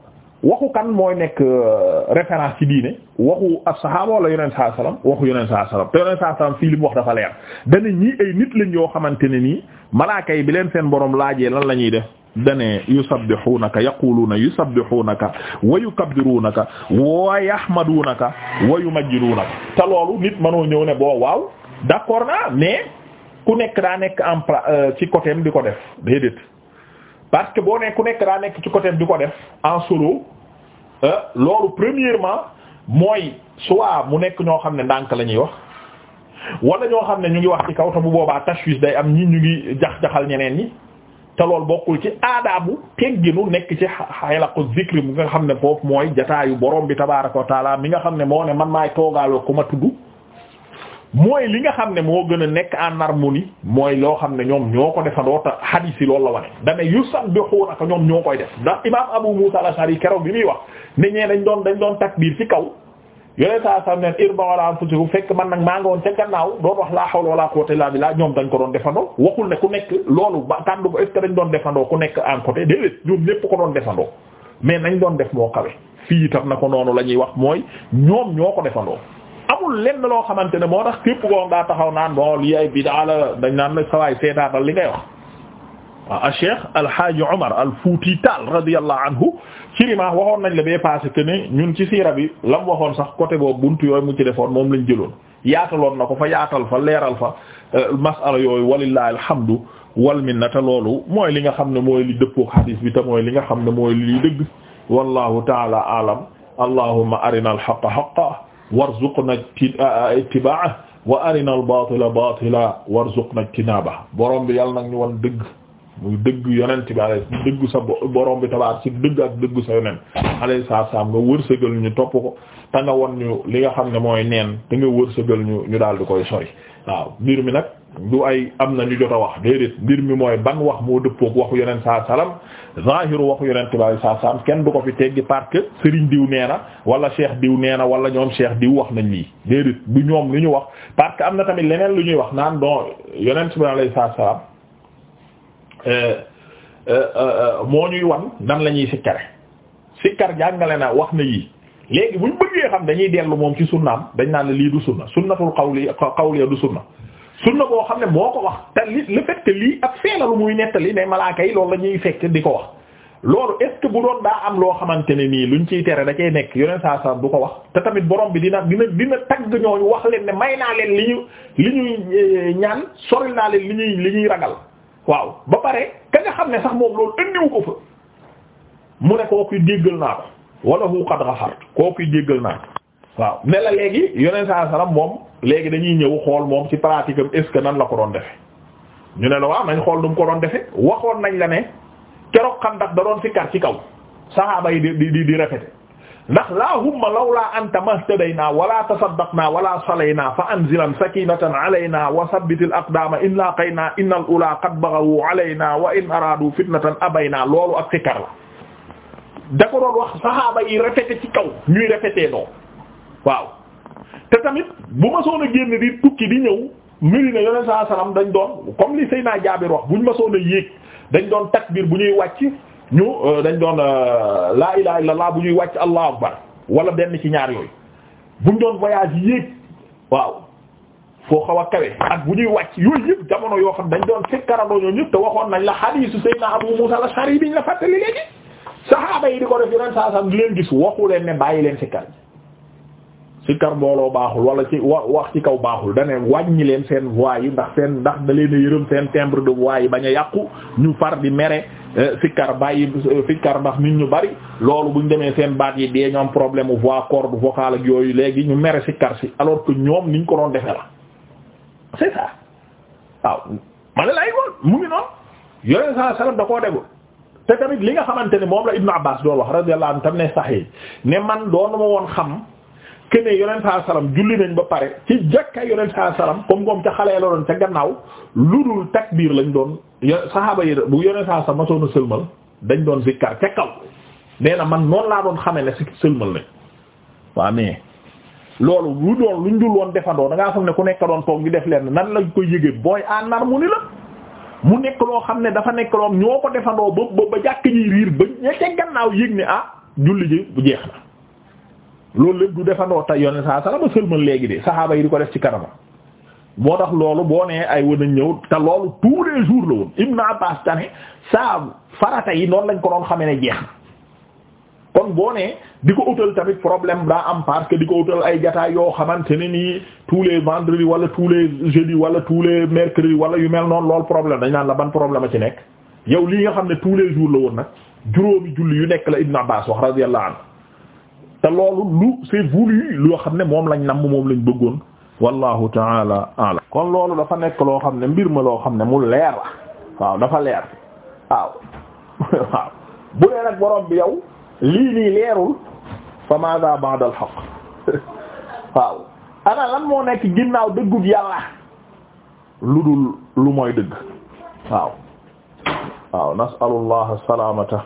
waxu kan mooy nekk euh, référence ci diine waxu as-sahaaba wala yonent saa salaam waxu yonent saa te yonent saa fii li mu wax dafa leer dana ñii ay nit lañ yoo xamante ne nii malaaka yi bi leen seen boroom laajee lan la ñuy def dane yusabbihunaka yaquluna yusabbihunaka wa yukabbirunaka wa yahmadunaka wa yumajjidunaka te loolu nit mënoo ñëw ne boo waaw d'accord na mais ku nekk daa nekk en pla euh, ci côté am di ko def déedéet parce que boo ne ku nekk daa nekk ci côté ko def en Euh, loolu premièrement mooy soit mu nekk ñoo xam ne ndànk la ñuy wax wala ñoo xam ne ñu ngi wax ci kaw te bu boobaa tashwis day am ñi ñu ngi jax-jaxal ñeneen ñi te loolu bokkul ci aadaabu tegginu nekk ci xa xaylaqu zikri mu nga xam ne foofu mooy jataayu borom bi tabaaraka wa taala mi nga xam ne moo ne man maay toogaaloo ku ma tudd mooy li nga xam ne moo gën a nekk en harmonie mooy loo xam ne ñoom ñoo ko defandoo ta hadith yi loolu la wane dane yusabbihuunaka ñoom ñoo koy def ndax imaam Abu Muusa al-Ash'ari keroog bi muy wax ne dañ doon dañ doon takbiir ci kaw yooyu saa saa neen irba wala maa ngi woon ca gannaaw doon wax laa hawla wala quwwata illa billah ñoom dañ ko doon defandoo waxul ne ku nekk loolu ba kàddu ba est defandoo ku nekk en côté déedéet ko doon defandoo mais nañ doon def moo kawe fii itam na ko noonu la ñuy wax mooy ñoom ñoo ko defandoo amul lenn loo xamante ne moo tax képp koo daa taxaw naan bon lii ay bidaa dañ naan la sawaay seetaatal li nga wax waaw a cheikh alhaaji omar al fuuti taal radiallahu anhu cirima waxoon nañ la bee passé que ne ñun ci siira bi lam waxoon sax côté boobu buntu yooyu mu ci defoon moom lañ jëloon yaataloon na ko fa yaatal fa leeral fa euh, masala yooyu walillahi alhamdu wal minnata loolu mooy li nga xam ne mooy li dëppook hadis bi te li nga xam ne mooy li dëgg wallahu taala alam warzuqna ittibaa'a wa arina al-baatila baatila warzuqna ijtinaaba borom bi yàlla nag ñu wan dëgg muy dëgg yonent bi alayhi dëgg sa borom bi tabaar ci dëgg ak dëgg sa yonent alayhi salaam nga wërsëgal ñu topp ko te nga wan ñu li nga xam ne mooy neen te nga wërsëgal ñu ñu daal di koy sori waaw mbir mi nag du ay am na ñu jot a wax déedéet mbir mi mooy ban wax moo dëppook waxu yeneen saa salaam zahiru waxu yeneen tubaab saa salaam kenn du ko fi teggi parce que Serigne diw nee na wala Cheikh diw nee na wala ñoom Cheikh diw wax nañ lii déedéet du ñoom lu ñu wax parce que am na tamit leneen lu ñuy wax naan doo yeneen tubaab lay saa salaam euh, euh, euh, moo ñuy wan nan la ñuy sikkare sikkar jàngale na wax na yii léegi buñ bëggee xam dañuy dellu moom ci sunnaam dañ naan lii du sunna sunnatul qawli qawliya du sunna sunna boo xam ne boo ko wax te li le fait lii ak feelalu muy nettali ne malaaka yi loolu la ñuy fekk di ko wax loolu est bu doon daa am loo xamante ne nii lu ñu ciy tere da nekk yoneen saa saa du ko wax te tamit borom bi dina dina dina tagg ñooñu wax leen ne may naa leen li ñu li ñuy eh, ñaan soril naa leen li ñuy li ñuy ragal waaw ba pare ka nga xam ne sax moom loolu indiwu ko fa mu ne kooku jéggal naa ko wala hu qad ghafart kooku déggal naa ko waaw ne la léegi yoneen saa moom léegi dañuy ñëw xool moom ci pratique am est-ce nan la ko doon defe ñu ne la wax nañ xool nu mu ko doon defe waxoon nañ la ne keroog Xandaq da doon sikkar ci kaw saxaaba yi di di di répété ndax laahumma lawlaa anta mahtadaynaa wala tasaddaqnaa wala naa fa anzilan sakinatan alaynaa wa sabbitil aqdaama in laaqaynaa innal ulaa qad baghaw alaynaa wa in araadu fitnatan abaynaa loolu ak sikkar la da ko doon wax saxaaba yi répété ci kaw ñuy répété waaw te tamit bu ma soon a génn di tukki di ñëw Medina yoneen saa salaam dañ doon comme li Seydina Jaabir wax buñ ma soon a yéeg dañ doon takbir bu ñuy wàcc ñu euh, dañ doon euh, laa ilaaha illallaah bu ñuy wàcc allahu akbar wala benn ci ñaar yooyu buñ doon voyage yéeg waaw foo xaw a kawe ak bu ñuy wàcc yooyu yëpp jamono yoo xam dañ doon sikkarandoo ñoo ñëpp te waxoon nañ la hadiisu Seydina Abu Muusaa al-Ash'ari biñ la fàttali léegi saxaaba yi di ko def yeneen saa salaam leen ne bàyyi leen sikkar ci kar mbooloo baaxul wala ci wa wax ci kaw baaxul da ne wàññi leen seen voix yi ndax seen ndax da leen a yërëm seen timbre de voix yi bañ a yàqu ñu far di mere sikkar eh, bàyyi sikkar eh, ndax nit ñu bari loolu buñ demee seen baat yi dee ñoom problème u voix corde vocale ak yooyu léegi ñu mere sikkar si alors que ñoom niñ ko doon defe la c'est ça waaw ma ne lay woon mu ngi noonu yoneen saa salam da koo déglu te tamit li nga xamante ne moom la Ibn Abbas doon wax radiyallahu anhu tam ne saxee ne man doon ma woon xam kene yonent julli nañ ba pare ci jàkka yonent saa salaam comme comme ca xale la doon ca gannaaw lu dul takbiir lañ doon saxaaba yi bu yonent saa salaam masoon a sëlmal dañ doon zikkar ca kaw nee na man noonu laa doon xamee ne si sëlmal nañ waa mais loolu lu doon luñ dul woon defandoo da ngaa ne ku nekk doon toog ñu def leen nan lañ koy yëgee booy en harmonie la mu nekk loo xam ne dafa nekk loom ñoo ko defandoo ba ba jàkk ji riir ba ña ca gannaaw yëg ne ah julli ji bu jeex loolu lépp du defandoo tay yoneen saa salama sëlmal léegi de saxaaba yi di ko def ci kanama moo tax loolu boo nee ay wan a ñëw te loolu tous les jours la woon Ibn Abbas tane saa farata yi noonu lañ ko doon xamee ne jeex na kon boo nee di ko utal tamit problème daa am parce que di ko utal ay jataay yoo xamante ne nii tous les vendredis wala tous les jeudis wala tous les mercredis wala yu mel noon loolu problème dañ naan la ban problème a ci nekk yow lii nga xam ne tous les jours la woon nag juróomi yu nekk la Ibn Abbas te loolu lu c'est voulu loo xam ne moom lañ namm moom lañ bëggoon wallahu taala alam kon loolu dafa nekk loo xam ne mbir ma loo xam ne mu leer la waaw dafa leer waaw waaw bu dee nag borom bi yow lii nii leerul fa maada ba'da al waaw ana lan moo nekk ginnaaw dëggug yàlla lu dul lu mooy dëgg waaw waaw nasalu allah salamata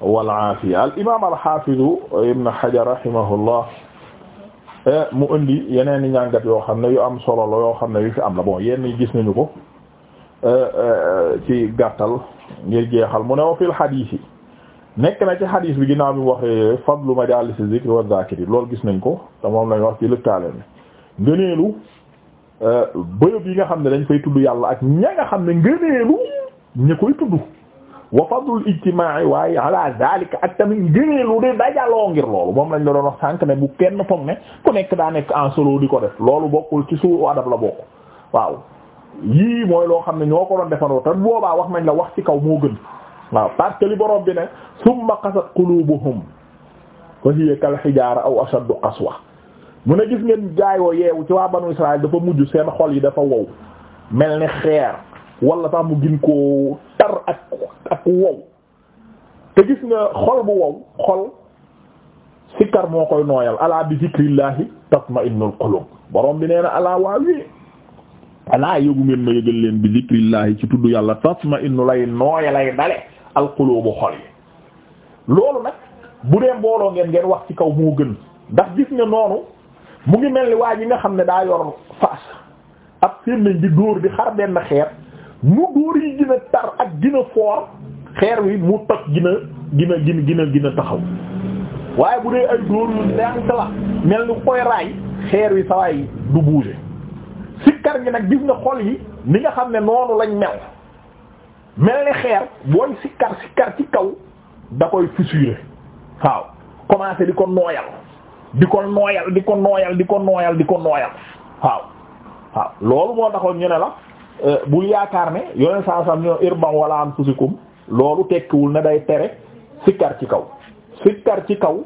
wal aafiya al imaam al xaafidu ibn Hajar rahimahullah eh, mu indi yeneen i njàngat yoo xam ne yu am solo la yoo xam ne yu fi am la bon yenn gis nañu ko eh, eh, ci gàttal ngir jeexal mu ne wa fil yi nekk na ci xadiis bi ginnaaw bi mu waxee fadlu majaalis zikri wa zaakiri loolu gis nañ ko te moom lañ wax ci lëkkaale mi ngëneelu bërëb yi nga xam ne dañ fay tudd yàlla ak ña nga xam ne ngëneelu ña koy tudd. wa fadlul ijtimaa'i waaye ala zalika ak tamit ngëneelu di dajaloo ngir loolu moom lañ la doon wax sànq ne bu kenn foog ne ku nekk daa nekk en di ko def loolu bokkul ci suu adab la bokk waaw yii mooy loo xam ne ñoo ko doon defandoo te boobaa wax nañ la wax ci kaw moo gën waaw parce que li borom bi ne summa qasat qulubuhum fa hiya kal hijaara aw ashaddu qaswa mu a gis ngeen jaayoo yeewu ci waa banu Israël dafa mujj seen xol yi dafa wow mel ne xeer wala sax gin koo tar ak ak wow te gis nga xol bu wow xol sikkar moo koy nooyal alaa bi zikrillahi tatma'innul qulub borom bi nee na alaa waawi alaa yëgu ngeen ma yëgal leen bi zikrillahi ci tudd yàlla tatma'innu lay nooya lay dale al qulubu xol yi loolu nag bu dee mbooloo ngeen ngeen wax ci kaw moo gën ndax gis nga noonu mu ngi mel ni waa yi nga xam ne daa yor faas ab seen nañ di dóor di xar benn xeer nu dóor yi gën a tar ak gën a foor xeer wi mu toj gën a gën taxaw waaye bu dee ay dóor yu ndànk la mel ni koy raay xeer wi sawaay du bouger sikkar gi nag gis nga xol yi ni nga xam ne noonu lañ mel mel ni xeer booy sikkar sikkar ci kaw da koy fissurer waaw commencer di ko nooyal di ko nooyal di ko nooyal di ko nooyal di ko nooyal waaw waaw loolu moo taxoon ñu ne la Euh, bul yaakaar ne yoneen saa sam ñoo irban wala am fusikum loolu tekkiwul ne day tere sikkar ci kaw sikkar ci kaw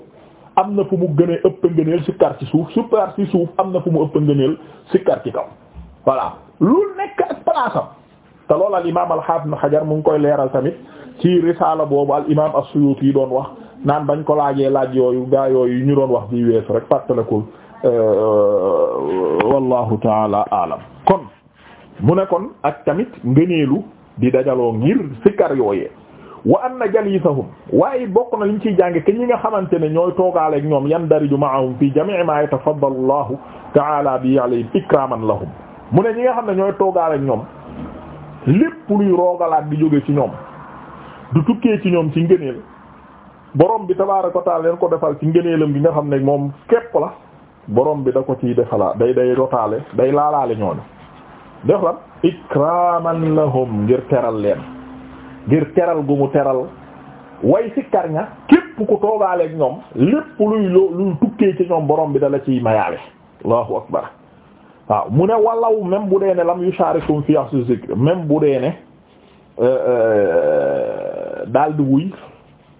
am na fu mu gënee ëpp a ngëneel sikkar ci suuf sikkar ci suuf am na fu mu ëpp a ngëneel sikkar ci kaw voilà lu nekk ak palaasam te loolu al imaam al haafid xajar mu ngi koy leeral tamit ci risaala boobu al imaam as-Suyuuti yi doon wax naan bañ ko laajee laaj yooyu gaa yooyu ñu doon wax bii weesu rek fàttalikul euh, euh, wallahu taala alam kon mu ne kon ak tamit ngëneelu di dajaloo ngir sikkar yooyee wa anna jalisahum waaye bokk na liñ ciy jànge ke ñi nga xamante ne ñooy toogaaleeg ñoom yan dariju maahum fi jamii ma yatafaddalu allahu taala bi alayhim ikraman lahum mu ne ñi nga xam ne ñooy toogaaleeg ñoom lépp luy roogalaat di jóge ci ñoom du tukkee ci ñoom ci ngëneel borom bi tabaaraka wa taala leen ko defal ci ngëneelam gi nga xam ne moom képp la borom bi da ko ciy defala day day rotaale day laalaale ñooñu def lan ikraman lahum ngir teral leen ngir teral gu mu teral way sikkar ña képp ku toogaaleeg ñoom lépp luy loo luy tukkee ci ñoom borom bi dala ciy mayaale allahu akbar waaw mu ne walaw même bu dee ne lam yusharikum fi ahsu zikr même bu dee ne euh, euh, daal di wuy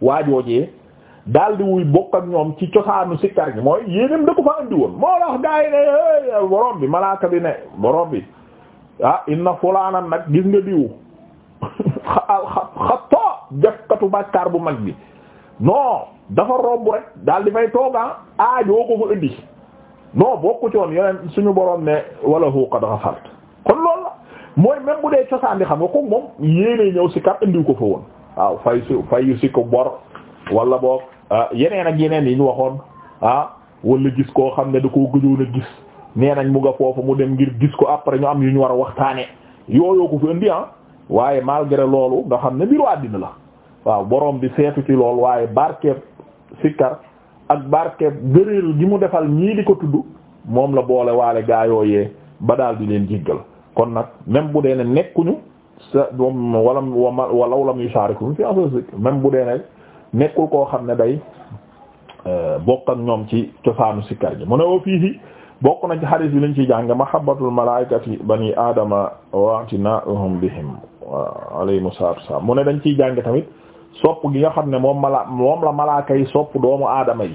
waajoojee daal wuy bokk ak ñoom ci cosaanu sikkar gi mooy yéenéem da ko fa andi woon moo tax gaa yi ne borom bi malaaka bi ne borom bi ah inna fulaanan nag gis nga diwu xato jafkatu bàkkaar bu mag bi non dafa romb rek daal di fay toogaa ah, aajoo ko fa indi non bokku ci yeneen suñu boroom ne wala hu qad ghafart kon loolu la mooy même bu dee cosaan di xam nga ko moom yéenee ñëw si kat indiw ko fa woon waaw fay su fay yu si ko bor wala boog ah, yeneen ak yeneen yi ñu waxoon ah wala gis koo xam ne da koo gëjoon a gis nee nañ mu nga foofu mu dem ngir gis ko après ñu am yu ñu war a waxtaane yooyoo ko fi indi ah waaye malgré loolu nga xam ne mbiru àddina la waaw borom bi seetu ci lool waaye barkeeb sikkar ak barkeeb gëréel gi mu defal ñii di ko tudd moom la boole waale gaayooyee ba daal di leen jéggal kon nag même bu dee ne nekkuñu sa moom wala walaw lam yusharikum fi asik même bu dee ne nekkul koo xam ne day euh, bokk ak ñoom ci cosaanu sikkar ji mu ne woo bokk na ci hadis bi lañ ci jàng mahabbatul malaikati bani adama wa'tina'uhum bihim wa alayhimu salaatu wassalaam mu ne dañ ciy jàng tamit sopp gi nga xam ne moom mala la malaaka yi sopp doomu aadama yi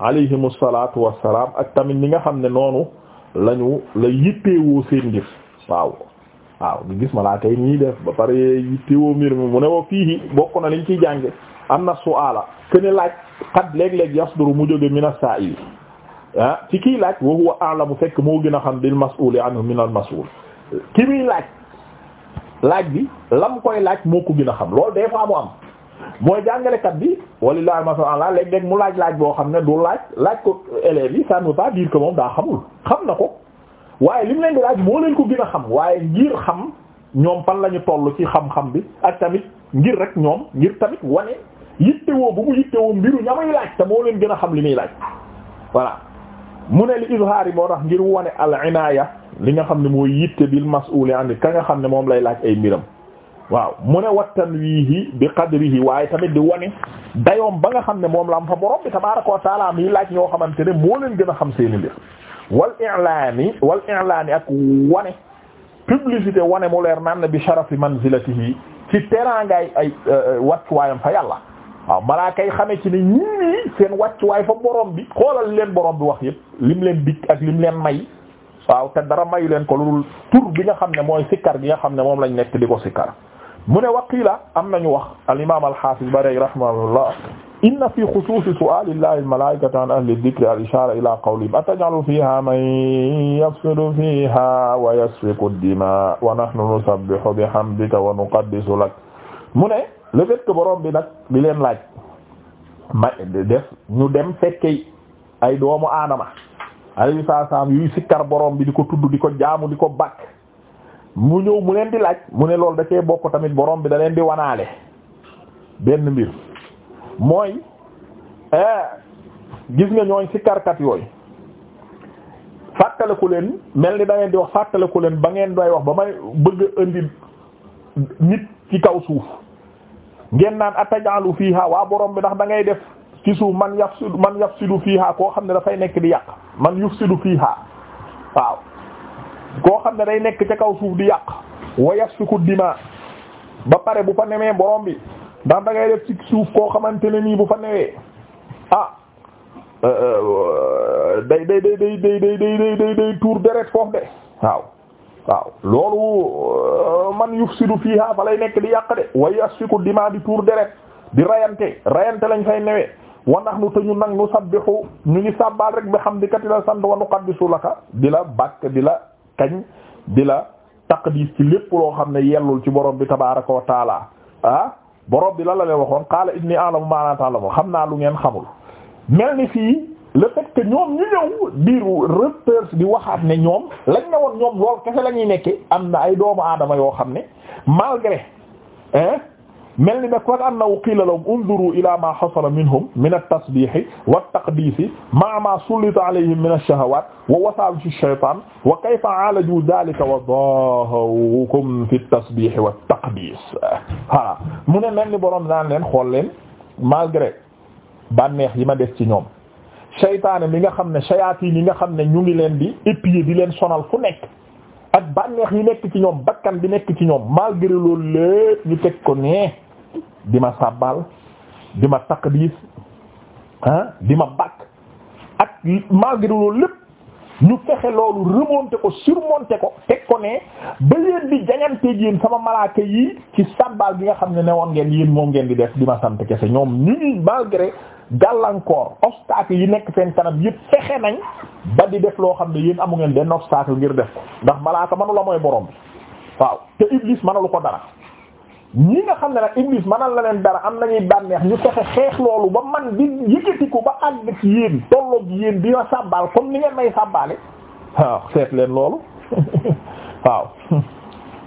alayhimu salaatu wassalaam ak tamit ni nga xam ne noonu lañu la yitteewoo seen ngir waaw waaw gis malaaka nii def ba pare yitteewoo mbir mi mu ne woo fii bokk na liñ ciy jàng am na su'aala kene laaj xat léeg-léeg yasduru mu jóge mina saa'ili ah ci kii laaj wa huwa a'lamu fekk moo gën a xam bil mas'uli anhu min al mas'ul ki muy laaj laaj bi lam koy laaj moo ko gën a xam lool des fois mu am mooy jàngalekat bi walillahi masala léeg mu laaj laaj boo xam ne du laaj laaj ko élèves yi sa ne veut pas dire que moom daa xamul xam na ko waaye li mu leen laaj moo leen ko gën a xam waaye ngir xam ñoom pan lañu ñu ci xam-xam bi ak tamit ngir rek ñoom ngir tamit wane yittewoo bu mu yittewoo mbiru ña laaj te moo leen gën a xam li muy laaj mu ne li izhaar yi tax ngir wane al inaaya li nga xam ne mooy yitte bil mas'uuli an ka nga xam ne moom lay laaj ay mbiram waaw mu ne wattan wiihi bi qadrihi waaye tamit di wane dayoom ba nga xam ne moom la am fa borom bi tabaaraka wa taala mi laaj ñoo xamante ne moo leen gën a xam seeni mbir wal i'laani wal i'laani ak wane publicité wane mu leer naan bi sharafi manzilatihi ci teraangaay ay euh, euh, wàccuwaayam fa yàlla waaw malaaka yi xamee ci ne ñii seen wàccuwaay fa borom bi xoolal leen borom bi wax yëpp lim leen dikk ak lim leen may waaw te dara mayu leen ko loolu tur bi nga xam ne mooy sikkar gi nga xam ne moom lañ nekk di ko sikkar mu ne waqiila am nañu wax al imaam al xaafis barey rahimahullah inna fi xusuusi su'aalillahi al malaa'ikati an ahli dikri al ishaara ila qawlihim ataj'alu fiihaa man ma fiihaa wa yasfiku ma wa nahnu nusabbihu bihamdika wa nuqaddisu lak mu ne le fait que bi nag di leen laaj ma def ñu dem fekke ay doomu aadama alayhi salaam yuy sikkar boroom bi di ko tudd di ko jaamu di ko bàkk mu ñëw mu leen di laaj mu ne loolu da cee bokk tamit borom bi da di wanaale benn mbir mooy eh, gis nga ñooñ sikkarkat yooyu ku leen mel ni da di wax ku leen ba ngeen doy wax ba may bëgg indi nit ci kaw suuf ngeen naan atajalu fiiha waa borom bi ndax da ngay def ci suuf man yafsidu man yafsidu fiiha koo xam ne dafay nekk di yàq man yufsidu fiiha waaw koo xam ne day nekk ca kaw suuf di yàq wa yasfiku dima ba pare bu fa nemee borom bi ndax da ngay def ci suuf koo xamante ne nii bu fa newee ah day day day day day day day tuur deret foofu de waaw waaw loolu euh, man yufsidu fiha fa lay nekk di yàq de wa yasfiku dima di tour deret di rayante rayante lañ fay newee wa nahnu te ñu nag nu sabbihu ñu ngi sàbbaal rek bi hamdika di la sant wa nuqaddisu laka di la bàkk di la kañ di la taqdis ci lépp loo xam ne yellul ci borom bi tabaaraka wa taala ah borom bi la la waxoon qaala inni a'lamu ma la ta'lamu xam naa lu ngeen xamul mel ni fii le fait que ñoom ñu ñëw biiru di waxaat ne ñoom lañ ne woon ñoom lool kese la ñuy nekkee am na ay doomu aadama yoo xam ne malgré hein mel ni nag kon annahu qiila lahum unzuru ila ma hasala minhum min at-tasbihi wat-taqdisi ma'a ma sullita alayhim min ash-shahawat wa wasawisi ash-shaytan wa kayfa 'alaju dhalika wa dahukum fi at-tasbihi wat-taqdis mu ne mel ni boroom daan leen xool leen malgré bànneex yi ma def ci ñoom seytaane mi nga xam ne sayaatiin yi nga xam ne ñu ngi leen di épier di leen sonal fu nekk ak bànneex yi nekk ci ñoom bakkan bi nekk ci ñoom malgré loolu lépp ñu teg ko nee di ma sàbbal di ma taqdis ah di ma bàkk ak malgré loolu lépp ñu fexe loolu remonter ko surmonter ko teg ko ne ba yéen di jañanteeg yéen sama malaaka yi ci sàbbal gi nga xam ne ne woon ngeen yéen moom ngeen di def di ma sant kese ñoom ñu ngi malgré gàllankoor obstacle yi nekk seen kanam yëpp fexe nañ ba di def loo xam ne yéen amu ngeen benn obstacle ngir def ko ndax malaaka mënu mooy borom bi waaw te iblis mënalu ko dara ñi nga xam ne nag iblis mënal la leen dara am na nañuy bànneex ñu fexe xeex loolu ba man di yëkkatiku ba àgg ci yéen tolloog yéen di sàbbaal comme ni ngeen may sàbbaale waaw seet leen loolu waaw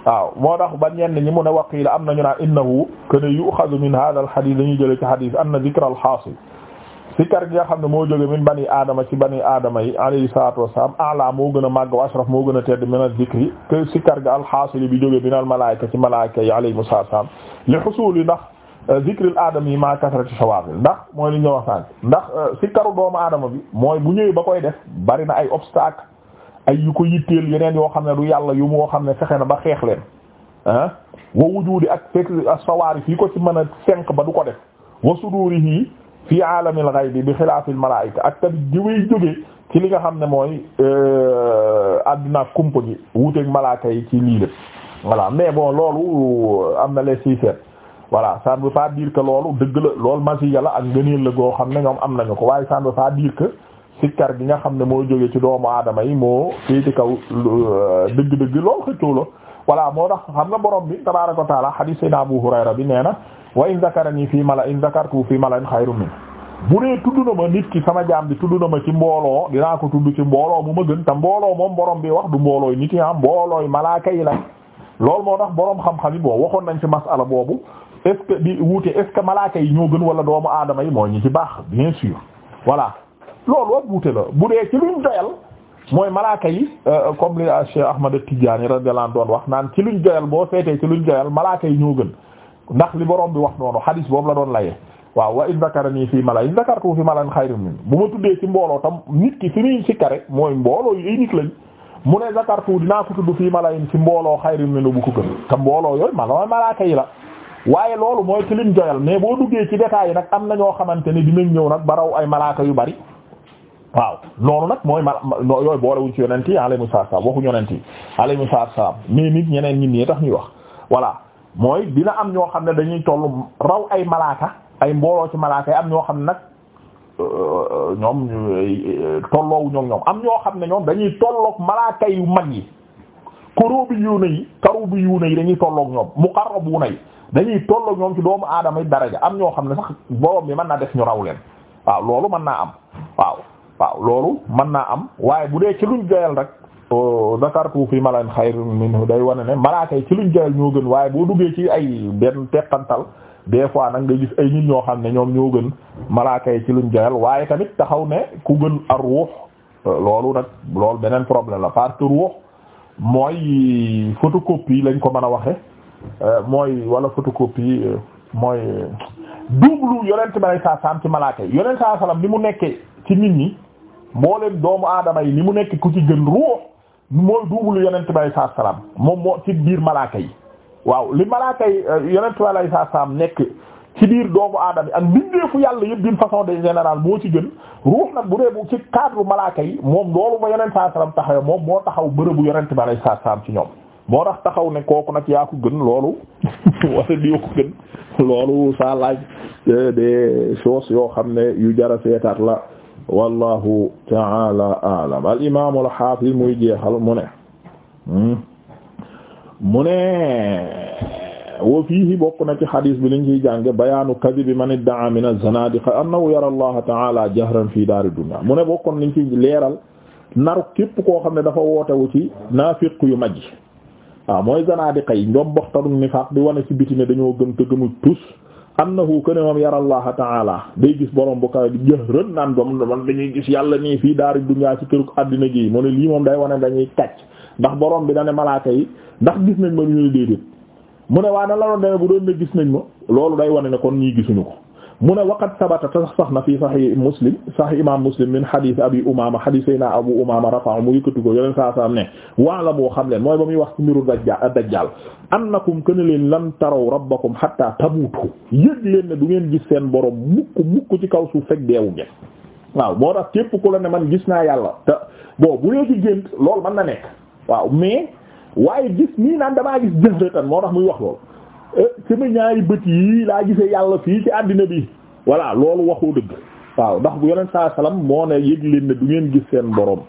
waaw moo tax ba ñenn ñi mu ne waqiila am nañu naan innahu kana yu'khadhu min hadha al hadith dañuy jëlee ci hadith anna dhikra al hasil sikar gi nga xam ne moo jóge min bani aadama ci bani aadama yi alayhi salaatu wassalaam ala moo gën a màgg wa ashraf moo gën a tedd min az-zikri te sikar gi alxaasili bi jóge min al ci malaayika yi alayhimu salaam li xusuuli ndax euh, zikril aadama yi maa kasrati shawaagil ndax mooy li ñu wax sànq ndax sikaru euh, doomu aadama bi mooy bu ñëwee ba koy def bari na ay obstacle ay yu ko yitteel yeneen yoo xam ne du yàlla yu moo xam ne fexe na ba xeex leen ah wa wujuudi ak fekk as-sawaari ko ci a senq ba ko def fii aalamil ghaybi bi xilaafil malaayika ak tamit di way jógee ci li nga xam ne mooy euh, àdduna kumpa gi wuuteeg malaaka yi ci lii lépp voilà mais bon loolu euh, am na les si seet voilà ça ne veut pas dire loolu dëgg la loolu masi yàlla ak ngëneel la goo xam ne ñoom am nañu ko waaye ça ne veut pas dire que sikkar gi nga xam ne moo jóge ci doomu aadama yi moo féete kaw euh, dëgg-dëgg loolu xëccoo la voilà moo tax xam nga borom bi tabaaraka wa taala hadith sayna Abu Hurayra bi nee na wa in zakarani fii mala in zakartu fii mala in xayrun min bu dee tudd na ma nit ki sama jaam bi tudd na ma ci mbooloo dinaa ko tudd ci mbooloo mu ma gën te mbooloo moom borom bi wax du mboolooy nit yi ah mboolooy malaaka yi la loolu moo tax borom xam-xam yi boo waxoon nañ ci masala boobu est-ce que di wuute est-ce que malaaka yi ñoo gën wala doomu aadama yi moo ñi ci baax bien sûr voilà loolu wax wuute la bu dee ci luñ doyal mooy malaaka yi euh, comme li Cheikh Ahmad Tidiane radiyallahu anhu doon wax naan ci luñ doyal boo seetee ci luñ doyal malaaka yi ñoo gën ndax li borom bi wax noonu xadis boobu la doon layee waaw wa in zakarani fii mala in zakartu fi malan xayrun min bu ma tuddee ci mbooloo tam nit ki fi muy ci mooy mbooloo yi ay nit lañ mu ne zakartu dinaa ko tudd fii mala in ci mbooloo xayrun min bu ko gën te mbooloo yooyu malooy malaaka yi la waaye loolu mooy ci lim joyal mais boo duggee ci détails yi nag am na ñoo xamante ne dinañ ñëw nag baraw ay malaaka yu bari waaw loolu nag mooy ma yooyu boolewuñ ci yonent yi alayhimu salaam waxu yonent yi alayhimu salaam mais nit ñeneen ñi nii tax ñuy wax voilà mooy dina am ñoo xam ne dañuy tollu raw ay malaaka ay mbooloo ci malaaka yi am ñoo xam ne nag euh, ñoom euh, tolloowu ñoom ñoom am ñoo xam ne ñoom dañuy tolloog malaaka yu mag yi kurubiyuuna yi karubiyuuna yi dañuy tolloog ñoom muqarrabuuna yi dañuy tolloog ñoom ci doomu aadama yu daraja am ñoo xam ne sax borom bi mën naa def ñu raw leen waaw loolu mën naa am waaw waaw loolu mën naa am waaye bu dee ci luñ doyal rek zakartu fi malan xayrun minhu day wane ne malaaka yi ci luñ jaral ñoo gën waaye boo duggee ci ay benn teqantal des fois nag nga gis ay nit ñoo xam ne ñoom ñoo gën malaaka yi ci luñ jaral waaye tamit taxaw ne ku gën ar ruux loolu nag loolu beneen problème la parce que ruux mooy photocopie lañ ko mën a waxe mooy wala photocopie mooy double yonent ba lay saa saam ci malaaka yi yonent saa ni mu nekkee ci nit ñi mbooleem doomu aadama yi ni mu nekk ku ci gën ruux mooy duubulu yonent bi saa salaam moom moo ci biir malaaka yi waaw li malaaka yi euh, yonent bi saa salaam nekk ci biir doomu aadama yi ak mbindeefu yàlla yëpp d'une façon de général moo ci gën ruux nag bu dee bu ci cadre malaaka yi moom loolu ba yonent saa salaam taxawee moom moo taxaw bërëbu yonent bi saa salaam ci ñoom. moo tax taxaw ne kooku nag yaa ko gën loolu wala di ko gën loolu saa laaj euh, des choses yoo xam ne yu jara seetaat la. wallahu taala alam al imam al hafiz muy jeexal mu ne hmm? mu ne wa fiihi bokk na ci xadis bi liñ ciy jànge bayaanu kadibi man iddaa min az-zanadiqa annahu yara allaha taala jahran fi daari dunya mu ne bokkoon liñ ci leeral naru képp koo xam ne dafa wootewu ci naafiq yu majj waaw ah, mooy zanadiqa yi ñoom boxtaru nifaaq di wane ci biti ne dañoo gëm te gëmu tus am annahu kaana moom yara Allah ta'ala day gis borom bu kawe di jëhrën naan bam man ñuy gis yàlla nii fii daari dunyaa ci këruk addina gi moo ne lii moom day wane dañuy kàcc ndax borom bi da ne malaaka yi ndax gis nañ ma ñu ne déedéet mu ne waa na la doon demee bu doon ne gis nañ ma loolu day wane ne kon ñuy gisuñu ko mu ne waqad sabata te sax na fii sahih muslim sahih imam muslim min hadith abi umama hadith sayna abu umama rafa'a mu yëkkati ko yeneen saa saa ne waala moo xam leen mooy ba muy wax ci mbiru dajjal dajjal annakum kana leen lan taraw rabbakum hatta tamutu yëg leen du ngeen gis seen borom mukk mukk ci kaw suuf fekk deewu ngeen waaw moo tax képp ku la ne man gis naa yàlla te boo bu dee ci gént loolu mën na nekk waaw mais waaye gis nii naan damaa gis jëfratan moo wax lool sama ñaari bët yi laa gisee yàlla fii ci àddina bi voilà loolu waxoo dëgg waaw ndax bu yonent saa salaam moo ne yëg leen du ngeen gis seen borom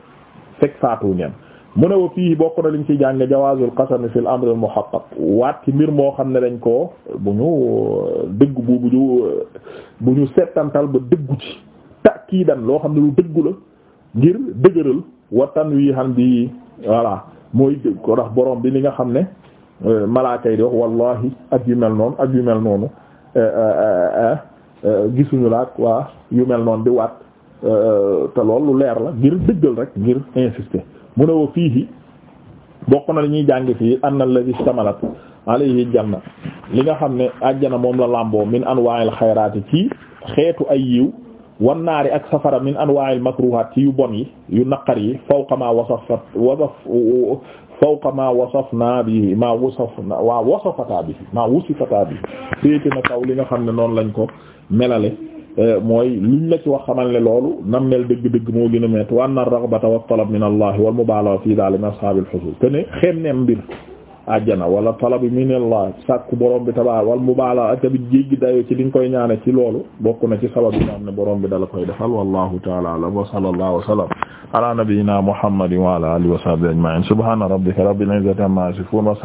fekk faatu ngeen mu ne wa fii bokk na liñ ci jàng jawaazul qasam fil amr al muhaqqaq waat ci mbir moo xam ne dañ ko bu ñu euh, dëgg bu bu ñu euh, bu ñu settantal ba dëggu ci takiidan loo xam ne lu dëggu la ngir dëgëral wa tanwihan bi voilà mooy dëgg ko ndax borom bi li nga xam ne malaaka yi di wax wallahi ak yu mel noonu eh, eh, eh, gisuñu la ak yu mel noonu di waat te loolu lu leer la ngir dëggal rek ngir insister mu ne woo fii bokk na li ñuy jàng fii anna allazi istamalat alayhi janna li nga xam ne àjjana moom la làmboo min anwa'il xayraati ci xeetu ay yiw wan naari ak safara min anwa'il makruhaat ci yu bon yi yu naqar yi fawqa ma wasafat wasaf fawqa maa wasafnaa bihi maa wasafnaa waa wasafataa bihi maa wusifataa bihi féete na kaw li nga xam ne noonu lañ ko melale eh, mooy liñ la ci wax xamal ne loolu nam mel dëgg-dëgg moo gën a métti wa anna ar-raghbata wat talab min Allah wal mubalagha fi dhalika min ashab al-husul àjjana wala talabi minallah sàkku borom bi tabaa wal mubaala ak tamit jéggi dayo ci li nga koy ñaane ci loolu bokk na ci sabab yi nga xam borom bi dala koy defal wallahu taala alam wa sallallahu wa sallam ala nabiyyina muhammadin wa ala alihi wa sahbihi ajma'in subhana rabbika rabbil izzati